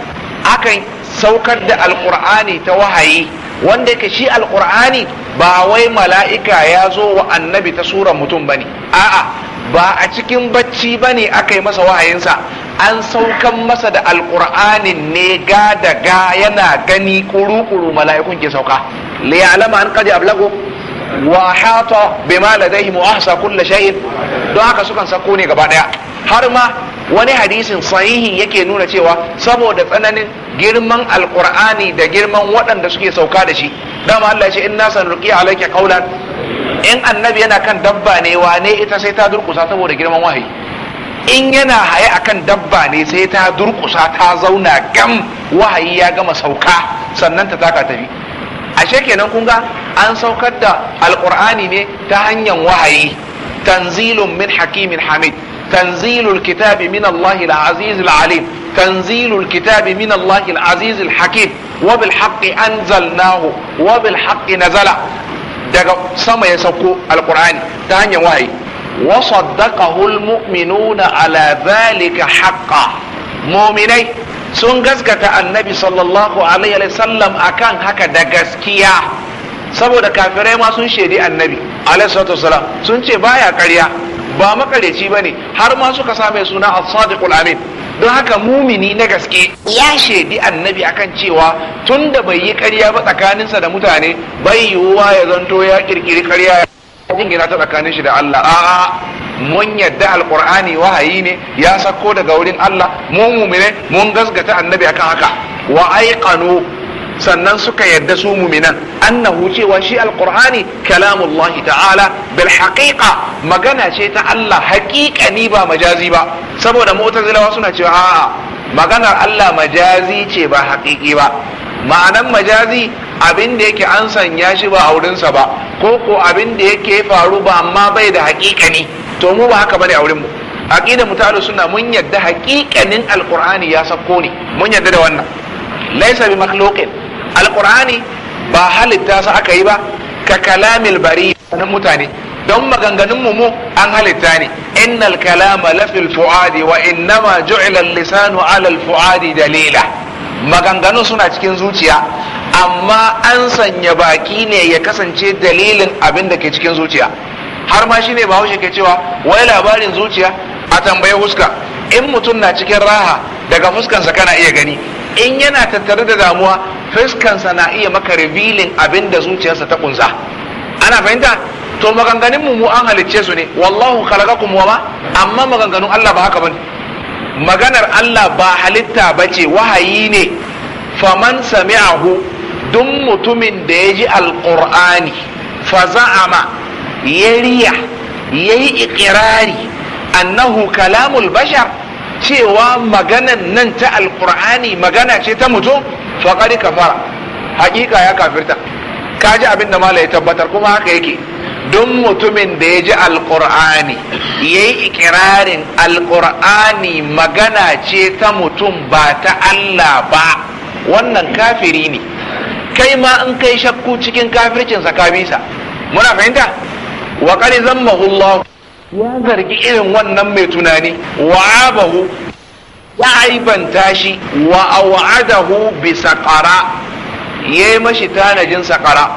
akan saukar da alqur'ani ta wahayi wanda ka shi alqur'ani ba wai mala'ika ya zo wa annabi ta suran mutum bane a'a ba a cikin bacci ba ne aka yi masa wahayinsa an saukan masa da alƙur'anin ne ga da ga yana gani kuru-kuru mala'ikun ke sauka liyalama an kaji ablago wa hata bima ladaihi mu'ahsa kulli shay'in don haka sukan sako ne gaba daya har ma wani hadisin sahihi yake nuna cewa saboda tsananin girman alqur'ani da girman waɗanda suke sauka da shi dama Allah ya ce inna sanulqi alayka qawlan in annabi yana kan dabba ne wane ita sai ta durkusa saboda girman wahayi in yana haye akan dabba ne sai ta durkusa ta zauna gam wahayi ya gama sauka sannan ta taka tafi ashe kenan kun ga an saukar da alkur'ani ne ta hanyar wahayi tanzilun min hakimin hamid tanzilul kitabi min ali azizil alim تنزيل الكتاب من wabil العزيز الحكيم وبالحق أنزلناه وبالحق Nazala. daga sama ya sauko alqur'ani ta hanyar wahayi wa saddaqahu almu'minuna ala dhalika haqqan mu'minai sun gaskata annabi sallallahu alaihi wa sallam akan haka da gaskiya saboda kafirai ma sun shaidi annabi alaihi salatu wasalam sun ce baya ƙarya ba makareci bane har ma suka same suna as-sadiqul amin don haka mumini na gaske ya shaidi annabi akan cewa tun da bai yi karya ba tsakaninsa da mutane bai yiwuwa ya zanto ya kirkiri karya ya jingina ta tsakanin shi da Allah a'a mun yadda alqur'ani wahayi ne ya sako daga wurin Allah mu mumine mun gasgata annabi akan haka wa aiqanu sannan suka yadda su muminan annahu cewa shi alqur'ani kalamullahi ta'ala bil haqiqa magana ce ta Allah haƙiƙani ba majazi ba saboda mu'tazilawa suna cewa a'a maganar Allah majazi ce ba haƙiƙi ba ma'anan majazi abin da yake an sanya shi ba a wurinsa ba ko ko abin da yake faru ba amma bai da haƙiƙani to mu ba haka bane a wurin mu aqidar mu ta sunna mun yadda haƙiƙanin alqur'ani ya sakko ne mun yadda da wannan laysa bi makhluqin alqur'ani ba halitta su aka yi ba ka kalamil bari na mutane don maganganun mu mu an halitta ne innal kalama lafil fuadi wa innama ju'ila lisanu ala fuadi dalila maganganun suna cikin zuciya amma an sanya baki ne ya kasance dalilin abin da ke cikin zuciya har ma shine bahaushe ke cewa wai labarin zuciya a tambaye huska in mutum na cikin raha daga fuskansa kana iya gani in yana tattare da damuwa fuskansa na iya maka revealing abin da zuciyarsa ta kunza ana fahimta to maganganun mu mu an halicce su ne wallahu khalaqakum wa ma amma maganganun Allah ba haka bane maganar Allah ba halitta bace wahayi ne faman sami'ahu duk mutumin da ya ji alqur'ani fa za'ama ya riya yayi iqrari annahu kalamul bashar cewa maganan nan ta alkur'ani magana ce ta mutum faƙari kafara haƙiƙa ya kafirta ka ji abin da mala ya tabbatar kuma haka yake don mutumin da ya ji alkur'ani ya yi ikirarin alkur'ani magana ce ta mutum ba ta allah ba wannan kafiri ne kai ma in kai shakku cikin kafircinsa ka bisa muna fahimta wa zan zammahu ya zargi irin wannan mai tunani wa'abahu ya aibanta shi wa awadahu bi saqara yayi mashi tanajin saqara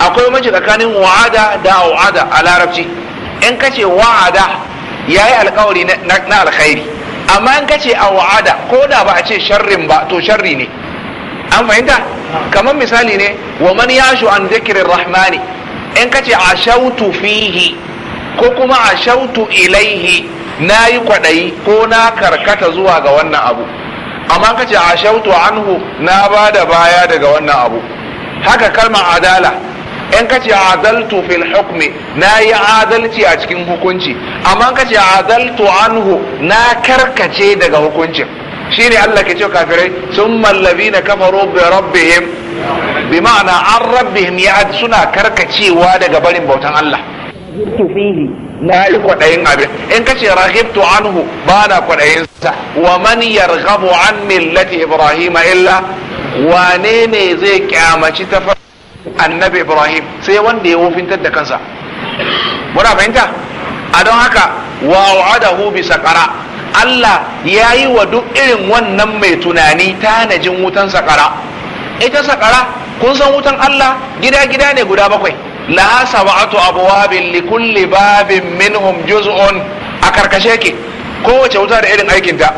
akwai mashi tsakanin wa'ada da wa'ada a larabci in kace wa'ada yayi alkawari na alkhairi amma in kace wa'ada, ko da ba a ce sharrin ba to sharri ne an fahimta kamar misali ne wa man yashu an zikirin rahmani in kace ashautu fihi ko kuma a shautu ilaihi na yi kwaɗayi ko na karkata zuwa ga wannan abu amma ka ce a shautu anhu na ba da baya daga wannan abu haka kalma adala in ka ce adaltu fil hukmi na yi adalci a cikin hukunci amma ka ce adaltu anhu na karkace daga hukuncin Shi ne Allah ke ce kafirai sun mallabi na kafaro bi rabbihim bi ma'ana an rabbihim ya suna karkacewa daga barin bautan Allah rahibtu fihi na yi kwaɗayin abin in kace rahibtu anhu ba na kwaɗayin sa wa man yarghabu an millati ibrahima illa wane ne zai kyamaci ta annabi ibrahim sai wanda ya wofintar da kansa muna fahimta a don haka wa'adahu bi sakara Allah ya yi wa duk irin wannan mai tunani tanajin wutan sakara ita sakara kun san wutan Allah gida-gida ne guda bakwai la sab'atu abwabin li kulli babin minhum juz'un a karkashe ke kowace wuta da irin aikinta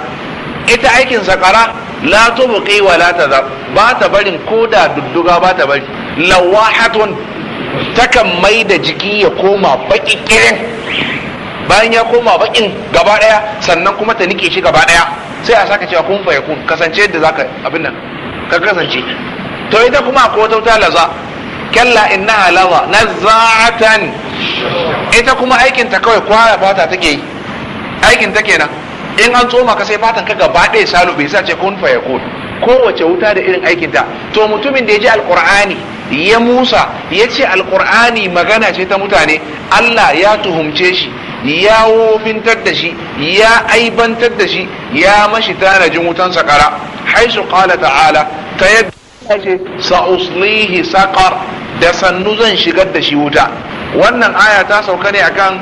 ita aikin sakara la tubqi wa la tadha ba ta barin koda dudduga ba ta bari lawahatun takan mai da jiki ya koma baki kirin bayan ya koma bakin gaba daya sannan kuma ta nike shi gaba daya sai a saka cewa kun fa yakun kasance yadda zaka abin nan ka kasance to ita kuma akwai wata wuta laza kalla innaha lawa nazza'atan ita kuma aikin ta kawai kwaya fata take yi aikin ta kenan in an tsoma ka sai fatan ka gaba ɗaya salu bai sa ce kun faya kun kowace wuta da irin aikin ta to mutumin da ya ji alqur'ani ya musa ya ce alqur'ani magana ce ta mutane Allah ya tuhumce shi ya wofintar da shi ya aibantar da shi ya mashi tanajin wutan sakara haisu qala ta'ala ta yadda ce sa'uslihi saqar da sannu zan shigar da shi wuta wannan aya ta sauka ne akan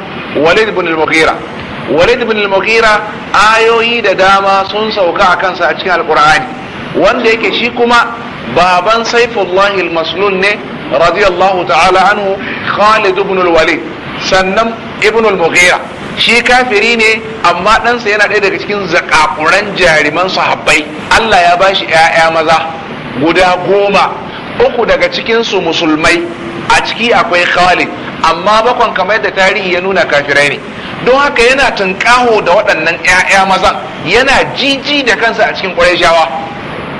walid ibn al-mughira walid ibn al-mughira ayoyi da dama sun sauka a kansa a cikin alqur'ani wanda yake shi kuma baban saifullahi al maslun ne radiyallahu ta'ala anhu khalid ibn al-walid sannan ibn al-mughira shi kafiri ne amma ɗansa yana ɗaya daga cikin zakakuran jariman sahabbai Allah ya bashi 'ya'ya maza guda goma uku daga cikinsu musulmai a ciki akwai khalid amma bakon kamar da tarihi ya nuna kafirai ne don haka yana tunƙaho da waɗannan 'ya'ya mazan yana jiji da kansa a cikin ƙwarai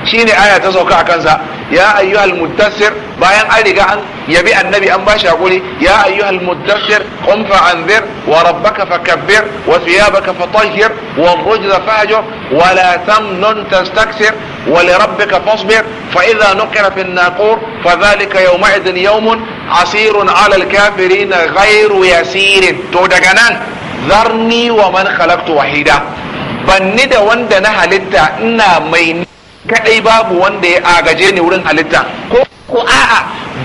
shine aya ta sauka a kansa ya ayyuhal mudassir bayan an riga an yabi annabi an bashi hakuri ya ayyuhal mudassir qum fa anzir wa rabbaka fakabbir wa thiyabaka fatahhir wa rujza fahjur wa la tamnun tastakthir wa li rabbika fasbir fa idha nuqira fi an-naqur fa dhalika yawma yawma'idhin yawmun asirun 'ala al-kafirin ghayru yasir to daga nan zarni wa man khalaqtu wahida banni da wanda na halitta ina mai kadai babu wanda ya agaje ni wurin halitta ko ko a'a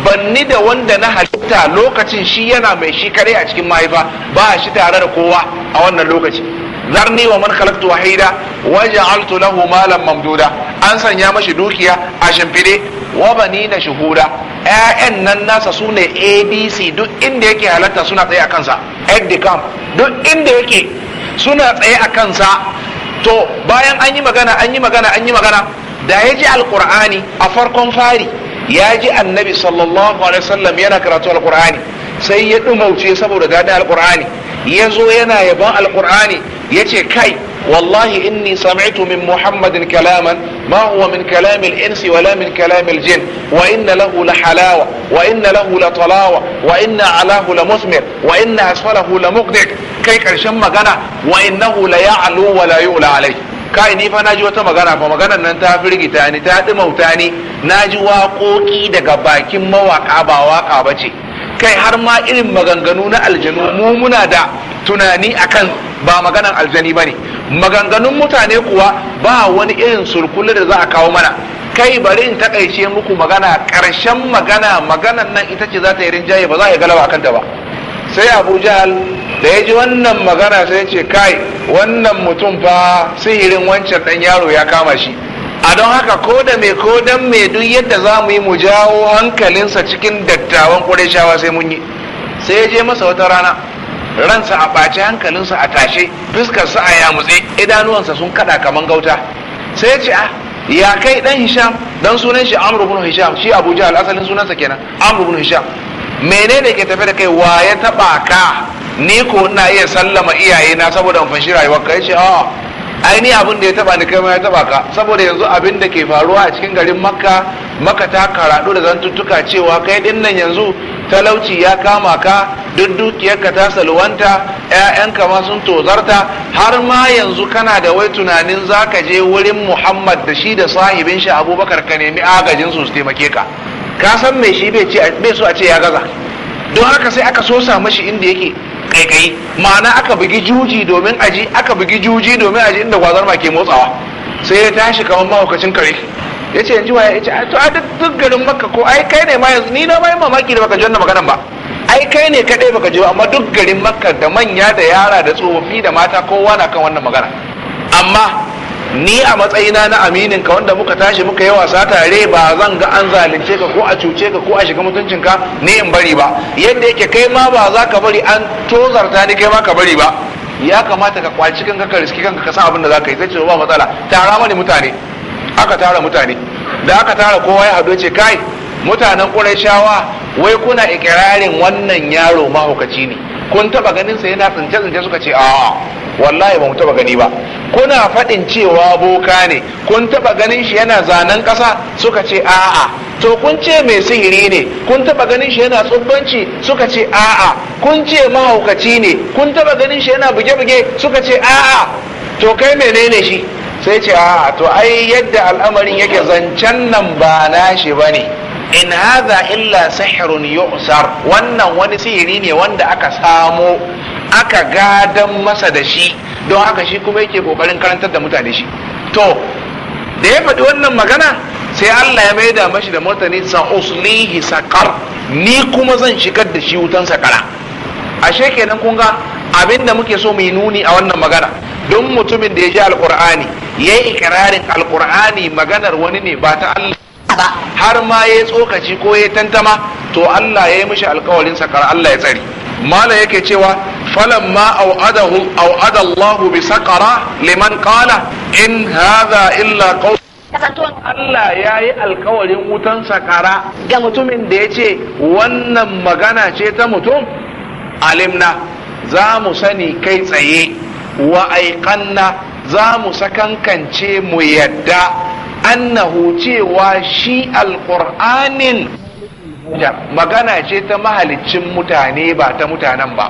banni da wanda na halitta lokacin shi yana mai shi kaɗai a cikin mahaifa ba shi tare da kowa a wannan lokaci zarni wa man khalaqtu wahida wa ja'altu lahu malan mamduda an sanya mashi dukiya a shimfide wa na shuhuda ƴaƴan nan nasa sune abc duk inda yake halatta suna tsaye a kansa eddicam duk inda yake suna tsaye a kansa to bayan an yi magana an yi magana an yi magana da ya ji alkur'ani a farkon fari ya ji annabi sallallahu alaihi wasallam yana karatu alkur'ani sai ya dumauce saboda gadin alkur'ani ya zo yana yaban alkur'ani ya ce kai wallahi inni sami'tu min muhammadin kalaman ma huwa min kalamil insi wala min kalamil jin wa inna lahu la halawa wa inna lahu la talawa wa inna alahu la musmir wa inna asfalahu la muqdik kai karshen magana wa innahu la ya'lu wa la yu'la alayhi kai ni fa naji wata magana fa maganar nan ta firgita ni ta dumauta ni naji waƙoƙi daga bakin mawaƙa ba waƙa bace kai har ma irin maganganu na aljanu mu muna da tunani akan ba maganan aljani bane maganganun mutane kuwa ba wani irin sulkulu da za a kawo mana kai bari in takaice muku magana ƙarshen magana maganan nan ita ce za ta yi rinjaye ba za a yi galaba akan ta ba sai abu jahal da ya ji wannan magana sai ce kai wannan mutum fa sihirin wancan dan yaro ya kama shi a don haka ko da mai ko dan mai duk yadda za mu yi mu jawo hankalinsa cikin dattawan ƙureshawa sai mun yi sai ya je masa wata rana ransa a ɓace hankalinsa a tashe fuskarsa a yamutse idanuwansa sun kaɗa kaman gauta sai ya ce a ah, ya kai dan hisham dan sunan shi amr hisham shi abu jahal asalin sunansa kenan amr hisham menene ke tafi da kai wa ya taɓa ka ni ko ina iya sallama iyayena na saboda in fashi rayuwar ka yace a aini abin da ya taba ni kai ma ya taba ka saboda yanzu abin da ke faruwa a cikin garin makka makka ta karadu da zantuttuka cewa kai din nan yanzu talauci ya kama ka duk dukiyarka ta salwanta ƴaƴanka ma sun tozarta har ma yanzu kana da wai tunanin zaka je wurin muhammad da shi da sahibin shi abubakar ka nemi agajin su su taimake ka ka san me shi bai so a ce ya gaza don haka sai aka so sa mashi inda yake kaikayi ma'ana aka bugi juji domin aji aka bugi juji domin aji inda gwazar ma ke motsawa sai ya tashi kamar mahaukacin kare ya ce yanzu waya ya ce to a duk garin makka ko ai kai ne ma yanzu ni na ma mamaki da baka ji wannan maganan ba ai kai ne kaɗai baka ji amma duk garin makka da manya da yara da tsofaffi da mata kowa na kan wannan magana amma ni a matsayina na aminin ka wanda muka tashi muka yi wasa tare ba zan ga an zalunce ka ko a cuce ka ko a shiga mutuncin ka ni in bari ba yadda yake kai ma ba za ka bari an tozarta ni kai ma ka bari ba ya kamata ka kwaci kanka ka riski kanka ka san abin da za ka yi sai ce ba matsala tara mani mutane aka tara mutane da aka tara kowa ya haɗu ce kai mutanen ƙurashawa wai kuna ikirarin wannan yaro mahaukaci ne kun taba ganin sa yana tsince tsince suka ce a'a wallahi ba mu taba gani ba kuna faɗin cewa boka ne kun taba ganin shi yana zanen ƙasa suka ce a'a to kun ce mai sihiri ne kun taba ganin shi yana tsubbanci suka ce a'a kun ce mahaukaci ne kun taba ganin shi yana buge-buge suka ce a'a to kai menene shi sai ce a'a to ai yadda al'amarin yake zancen nan ba na shi bane in haza illa sihirun yu'sar wannan wani sihiri ne wanda aka samo aka gadan masa da shi don haka shi kuma yake kokarin karantar da mutane shi to da ya faɗi wannan magana sai Allah ya maida mashi da mutane sa uslihi sakar ni kuma zan shigar da shi wutan sakara ashe kenan kun ga abin da muke so mu yi nuni a wannan magana don mutumin da ya ji alkur'ani ya yi ikirarin alkur'ani maganar wani ne ba ta Allah har ma ya tsokaci ko ya tantama to Allah ya yi mishi alkawarin sakar Allah ya tsari mala yake cewa falan ma au'adahu au'ada bi sakara liman qala in hadha illa qawl Allah ya yi alkawarin wutan sakara ga mutumin da ya ce wannan magana ce ta mutum alimna za mu sani kai tsaye wa aikanna za mu sakankance mu yadda annahu cewa shi alƙur'anin magana ce ta mahaliccin mutane ba ta mutanen ba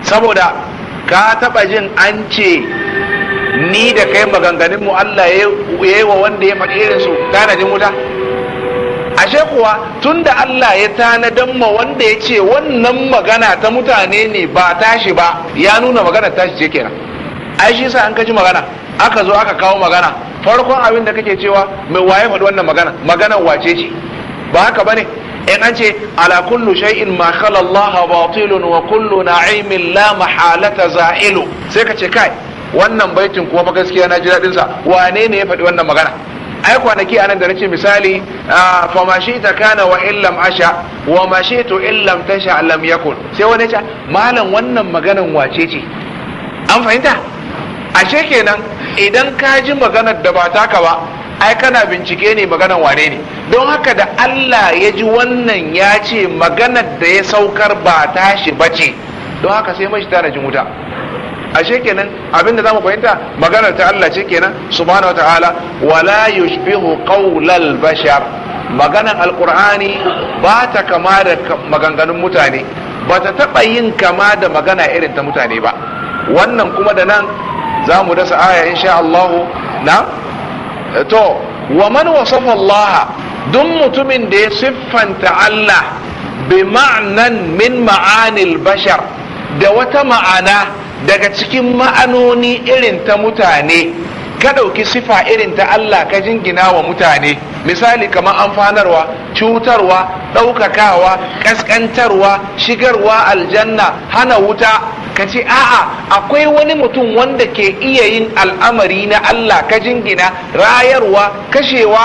saboda ka taɓa jin an ce ni da kai maganganunmu Allah ya yi wa wanda ya faɗi irinsu tanadin wuta ashe kuwa tun da Allah ya tanadan ma wanda ya ce wannan magana ta mutane ne ba tashi ba ya nuna magana tashi ce kenan ai shi sa an kaji magana aka zo aka kawo magana farkon abin da kake cewa mai waye faɗi wannan magana maganan wace ce ba haka bane in an ce ala kullu shay'in ma khala Allah batilun wa kullu na'imin la mahalata za'ilu sai ka ce kai wannan baitin kuma gaskiya na ji dadin sa wane ne ya faɗi wannan magana ai kwanaki anan da nace misali ah, fa ma shi kana wa illam asha wa ma shi to illam tasha lam yakun sai wani ya ce malam wannan maganan wace ce an fahimta ashe kenan idan ka ji maganar da ba taka ba ai kana bincike ne maganar wane ne don haka da Allah ya ji wannan ya ce maganar da ya saukar ba tashi bace don haka sai mashi tana jin wuta ashe kenan abin da zamu fahimta maganar ta Allah ce kenan subhanahu wataala wala yushbihu qawlal bashar maganar alqur'ani ba ta kama da maganganun mutane ba ta taɓa yin kama da magana irin ta mutane ba wannan kuma da nan za mu dasa aya insha Allahu na eh, to wa man wasafa Allah duk mutumin da ya siffanta Allah bi ma'nan min ma'anil bashar da wata ma'ana daga cikin ma'anoni irin ta mutane ka ɗauki sifa irin ta Allah ka jingina wa mutane misali kamar amfanarwa cutarwa ɗaukakawa ƙasƙantarwa shigarwa aljanna hana wuta ka ce a'a akwai wani mutum wanda ke iya yin al'amari na Allah ka jingina rayarwa kashewa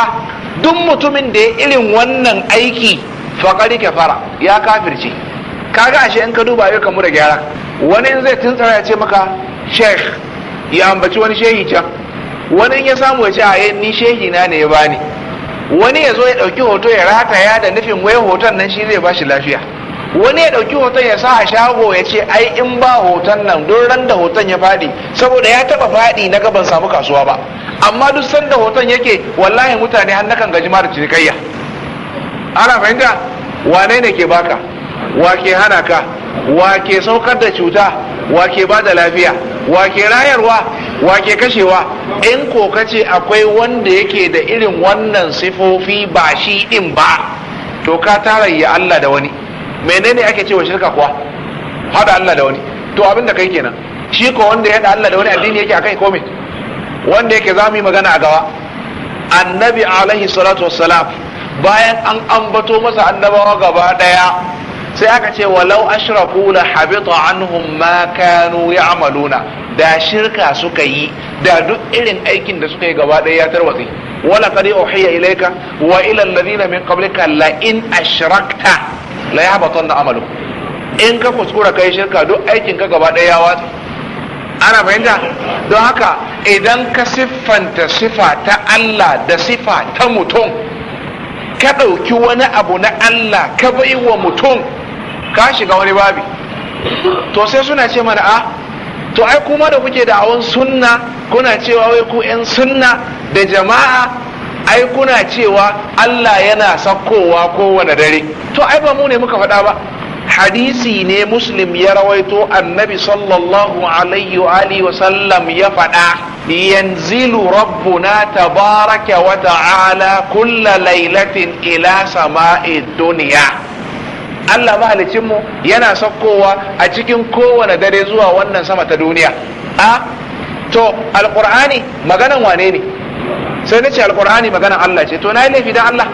duk mutumin da ya irin wannan aiki faƙari fara. ya kafirce kaga ashe in ka duba yau kamu da gyara wani zai tuntsara ya ce maka sheikh ya ambaci wani shehi can wani ya samu ya ce a eh, ni shehi na ne ya bani wani ya zo ya ɗauki hoto ya rataya da nufin wai hoton nan shi zai ba shi lafiya wani ya ɗauki hoton ya sa a shago ya ce ai in ba hoton nan don ran da hoton ya faɗi saboda ya taɓa faɗi na gaban samu kasuwa ba amma duk sanda hoton yake wallahi mutane har nakan gaji mara cinikayya ana fahimta wane ne ke baka wake hana ka wake saukar da cuta wake ba da lafiya wake rayarwa wake kashewa in ko kace akwai wanda yake da irin wannan sifofi ba shi din ba to ka ya Allah da wani menene ake cewa shirka kuwa hada Allah da wani to abin da kai kenan shi ko wanda ya da Allah da wani addini yake akai ko me wanda yake za mu yi magana a gaba annabi alaihi salatu wassalam bayan an ambato masa annabawa gaba daya sai aka ce walau ashraku la habita anhum ma kanu ya'maluna da shirka suka yi da duk irin aikin da suka yi gaba ɗaya ya tarwatse wala qad uhiya ilayka wa ila alladhina min qablika la in ashrakta la yahbatanna amalu in ka kuskura kai shirka duk aikin ka gaba ɗaya ya watse ana fahimta don haka idan ka siffanta sifa ta Allah da sifa ta mutum ka ɗauki wani abu na Allah ka bai wa mutum ka shiga wani babi to sai suna ce mana a ah, to ai kuma da kuke da awon sunna kuna cewa wai ku yan sunna da jama'a ai kuna cewa Allah yana sakkowa kowane dare to ai ba mu ne muka faɗa ba hadisi ne muslim ya rawaito annabi sallallahu alaihi wa alihi wa sallam ya faɗa yanzilu rabbuna tabaraka wa ta'ala kulla lailatin ila sama'i duniya Allah mahalicinmu yana sakkowa a cikin kowane dare zuwa wannan sama ta duniya a to alqur'ani maganan wane ne sai ce alqur'ani maganan Allah ce to yi laifi Allah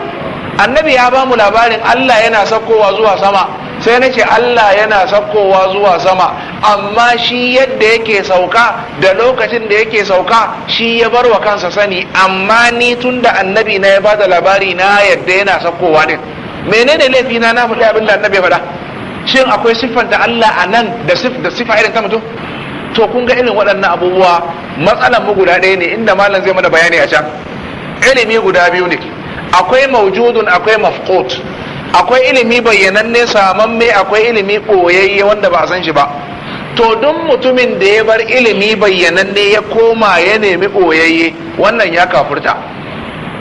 annabi ya ba mu labarin Allah yana sakkowa zuwa sama sai nace Allah yana sakkowa zuwa sama amma shi yadda yake sauka da lokacin da yake sauka shi ya bar wa kansa sani amma ni tunda annabi na ya ba da labari na yadda yana sakkowa din menene laifi na na faɗi abin da annabi ya faɗa shin akwai siffar da Allah a nan da sif da sifa irin ta mutum to kun ga irin waɗannan abubuwa matsalan mu guda ɗaya ne inda malam zai mana bayani a can ilimi guda biyu ne akwai maujudun akwai mafqut akwai ilimi bayyananne samamme akwai ilimi koyayye wanda ba a san shi ba to duk mutumin da ya bar ilimi bayyananne ya koma ya nemi koyayye wannan ya kafurta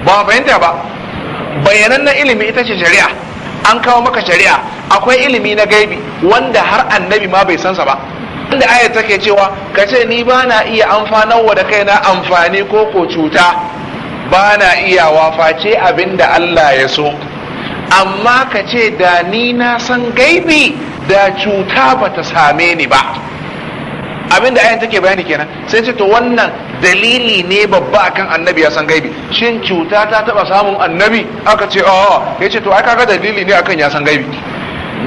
ba fahimta ba Bayanan na ilimi ita ce shari'a an kawo maka shari'a akwai ilimi na gaibi wanda har annabi ma bai sansa ba inda ayat take cewa ka ce ni ba na iya wa da kaina amfani ko ko cuta ba na iya waface abin da Allah ya so amma ka ce da ni na san gaibi da cuta bata same ni ba abinda ayan take bayani kenan sai ce to wannan dalili ne babba akan annabi ya san gaibi shin cuta ta taba samun annabi aka ce a ya ce to ai kaga dalili ne akan ya san gaibi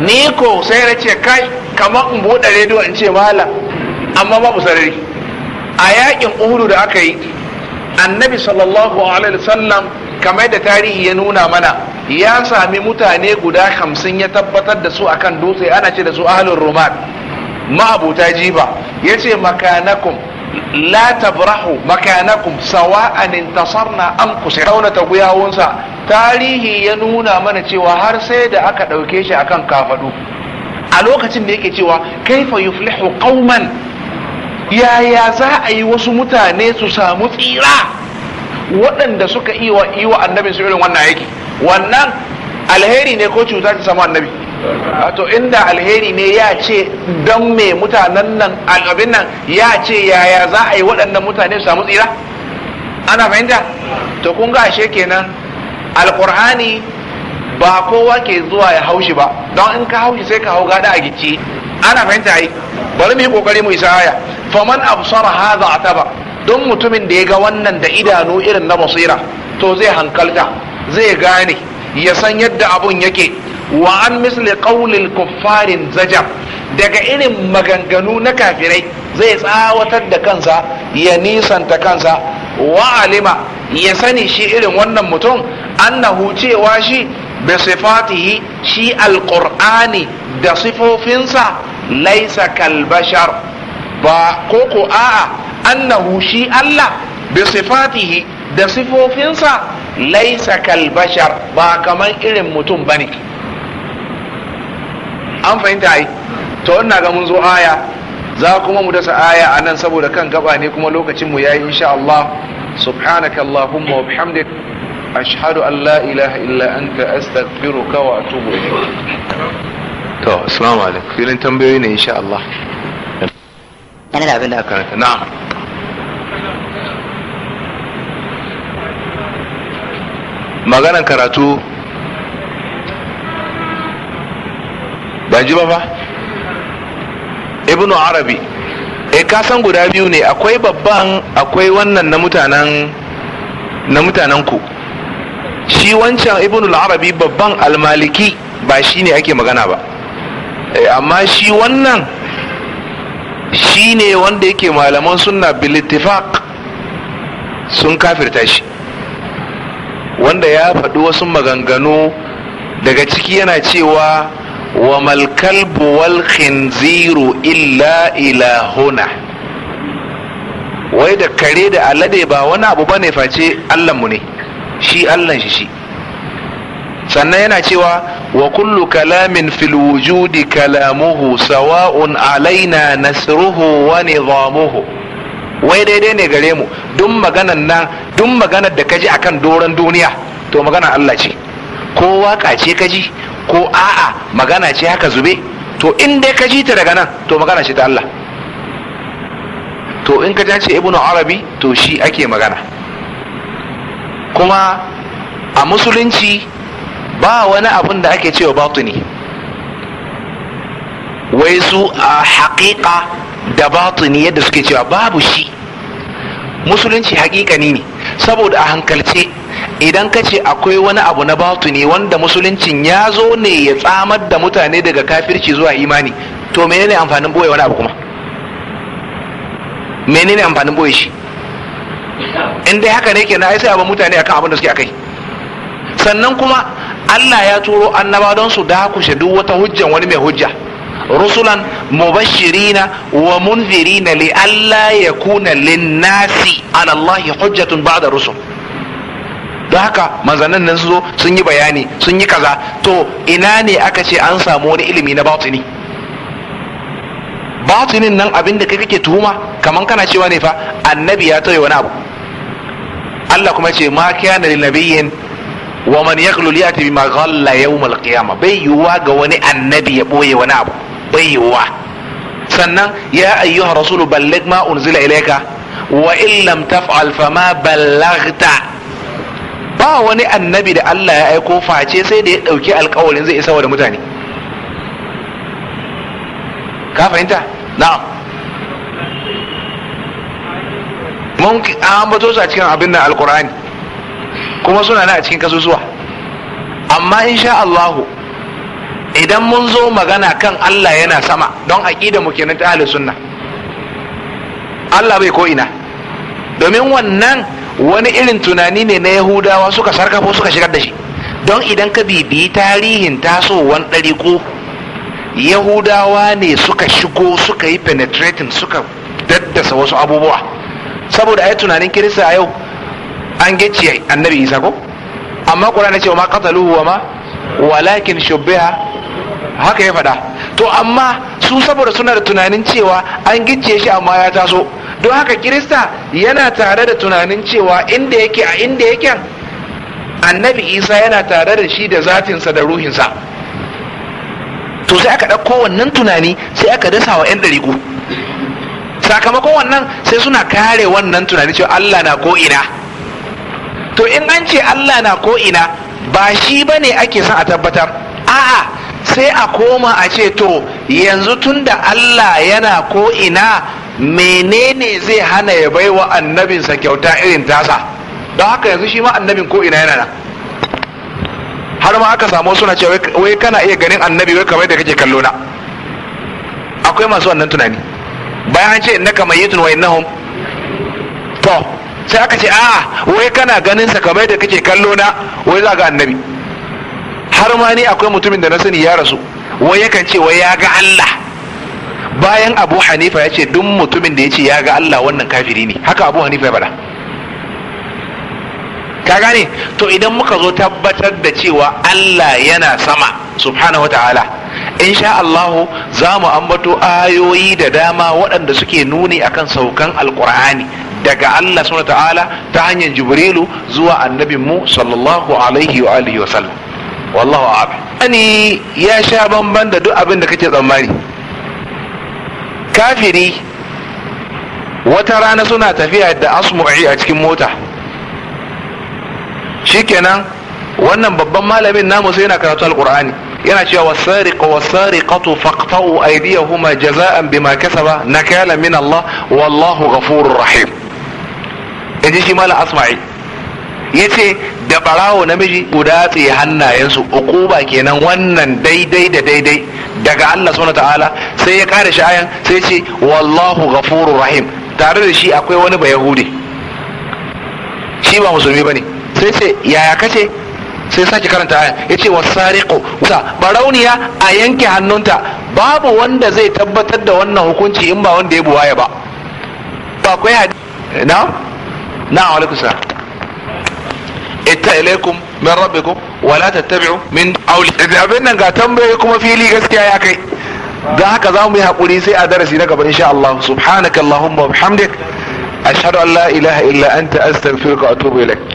ni ko sai na ce kai kamar in buɗe rediyo in ce malam amma babu sarari a yakin uhudu da aka yi annabi sallallahu alaihi wasallam kamar da tarihi ya nuna mana ya sami mutane guda hamsin ya tabbatar da su akan dutse ana ce da su ahlul rumat ma'abuta jiba ya ce makanakum la tabrahu makanakum sawa'an intasarna am kusirauna ta guyawunsa tarihi ya nuna mana cewa har sai da aka ɗauke shi akan kafadu a lokacin da yake cewa kaifa yuflihu qauman yaya za a yi wasu mutane su samu tsira waɗanda suka yi wa annabi su irin wannan aiki wannan alheri ne ko cuta ta samu annabi wato inda alheri ne ya ce don me mutanen nan al'abin nan ya ce yaya za a yi waɗannan mutane samu tsira ana fahimta to kun ga ashe kenan alkur'ani ba kowa ke zuwa ya haushi ba don in ka haushi sai ka hau gada a gici ana fahimta yi. bari mu yi kokari mu isa aya faman absara a ataba don mutumin da ya ga wannan da idanu irin na basira to zai hankalta zai gane ya san yadda abun yake wa an misli qaulil kuffarin zajab daga irin maganganu na kafirai zai tsawatar da kansa ya nisanta kansa wa alima ya sani shi irin wannan mutum annahu cewa shi bi sifatihi shi alqur'ani da sifofinsa laisa kalbashar ba koko a'a annahu shi Allah bi sifatihi da sifofinsa laisa kalbashar ba kaman irin mutum bane an fahimta ai to ina ga mun zo aya za kuma mu dasa aya a nan saboda kan gaba ne kuma lokacin mu yayi insha Allah subhanaka allahumma wa bihamdik ashhadu an la ilaha illa anta astaghfiruka wa atubu ilayk to assalamu alaikum filin tambayoyi ne insha Allah yana da abin da aka na'am maganan karatu ban ji ba ba ibnu arabi e ka san guda biyu ne akwai babban akwai wannan na mutanen na mutanen ku shi wancan ibnu arabi babban almaliki ba shi ne ake magana ba eh, amma shi wannan shi ne wanda yake malaman sunna bilittifaq sun kafirta shi wanda ya faɗi wasu maganganu daga ciki yana cewa wa malkalbu wal khinziru illa ilahuna wai da kare da alade ba wani abu bane face mu ne shi allan shi sannan yana cewa wa kullu kalamin fil kalamuhu sawa'un alaina nasruhu wa nizamuhu wai daidai ne gare mu duk maganar da kaji akan doron duniya to maganar Allah ce Kowa kace kaji ko a'a magana ce haka zube to in dai ka ji ta daga nan to magana ce ta Allah to in ka ce ibnu arabi to shi ake magana kuma a musulunci ba wani abun da ake cewa batuni. wai su a haƙiƙa da batuni yadda suke cewa babu shi musulunci haƙiƙani ne saboda a hankalce idan ka ce akwai wani abu na batuni wanda musuluncin ya zo ne ya tsamar da mutane daga kafirci zuwa imani to menene amfanin boye wani abu kuma menene amfanin boye shi in dai haka ne na ai sai abin mutane akan abin da suke akai sannan kuma Allah ya turo annaba don su dakushe duk wata hujjan wani mai hujja rusulan mubashirina wa munzirina li alla yakuna lin-nasi ala Allah hujjatun ba'da rusul don haka manzannin nan su zo sun yi bayani sun yi kaza to ina ne aka ce an samu wani ilimi na batini batinin nan abin da kake tuhuma kaman kana cewa ne fa annabi ya tauye wani abu Allah kuma ce ma kana lil nabiyyin wa man yaghlu liyati bima ghalla yawm al qiyamah bai yuwa ga wani annabi ya boye wani abu bai yuwa sannan ya ayyuha rasulu balligh ma unzila ilayka wa in lam taf'al fama ballaghta ba wani annabi da Allah ya aiko face sai da ya ɗauki alkawarin zai isa da mutane ka fahimta na'am mun ambato su a cikin abin nan alkur'ani kuma suna na a cikin kasusuwa amma insha Allahu idan mun zo magana kan Allah yana sama don aƙida mu kenan ta sunna Allah bai ko ina domin wannan wani irin tunani ne na yahudawa suka sarkafo suka shigar da shi don idan ka bibiyi tarihin tasowan ko yahudawa ne suka shigo suka yi penetrating suka daddasa wasu abubuwa saboda a tunanin kirista a yau an gece annabi isa ko amma kura na cewa ma kataluhu wa ma walakin shubbiha haka ya faɗa to amma su saboda suna da tunanin cewa an gicciye shi amma ya taso don haka kirista yana tare da tunanin cewa inda yake a inda yake annabi isa yana tare da shi da zatinsa da ruhinsa to sai aka ɗauko wannan tunani sai aka dasa wa 'yan ɗariku sakamakon wannan sai suna kare wannan tunani cewa allah na ko ina. to in an ce allah na ko ina, ba shi ba ne ake son a tabbatar a'a sai a koma a ce to yanzu tun da allah yana ko ina. menene zai hana ya bai wa annabinsa kyauta irin tasa don haka yanzu shi ma annabin ko ina yana nan har ma aka samu suna cewa wai kana iya ganin annabi wai kamar da kake kallo na akwai masu wannan tunani bayan an ce yi tun wayan innahum to sai aka ce a wai kana ganin sa kamar da kake kallo na wai za ga annabi har ma ni akwai mutumin da na sani ya rasu wai yakan ce wai ya ga Allah bayan abu hanifa ya ce duk mutumin da ya ce ya ga allah wannan kafiri ne haka abu hanifa ya faɗa ka gane to idan muka zo tabbatar da cewa allah yana sama subhanahu wa ta'ala insha Allahu za mu ambato ayoyi da dama waɗanda suke nuni akan saukan alkur'ani daga Allah subhanahu ta'ala ta hanyar Jibrilu zuwa annabin mu sallallahu alaihi wa alihi wa sallam wallahu a'lam ani ya sha bamban da duk abin da kake tsammani kafiri wata rana suna tafiya da asmu'i a cikin mota shikenan wannan babban malamin namu sai yana karatu alqur'ani yana cewa wasariqu wasariqatu faqta'u aydiyahuma jaza'an bima kasaba nakala min Allah wallahu ghafurur rahim yaji shi malam asma'i yace da barawo namiji guda tsaye hannayensu ba kenan wannan daidai da daidai daga Allah suna ta'ala sai ya kare shi ayan sai ce wallahu gafuru rahim tare da shi akwai wani ba yahudi shi ba musulmi ne sai ce yaya kace sai sake karanta ayan wasu sariko sa barauniya a yanke hannunta babu wanda zai tabbatar da wannan hukunci in ba wanda ya buwaye ba ba kwaya na na alaikum kusa. itta ilaikum min rabbikum wala tattabi'u min auli abin nan ga tambayoyi kuma fili gaskiya ya kai don haka za mu yi haƙuri sai a darasi na gaba insha Allah subhanakallahumma wa bihamdik ashhadu an la ilaha illa anta astaghfiruka wa atubu ilaik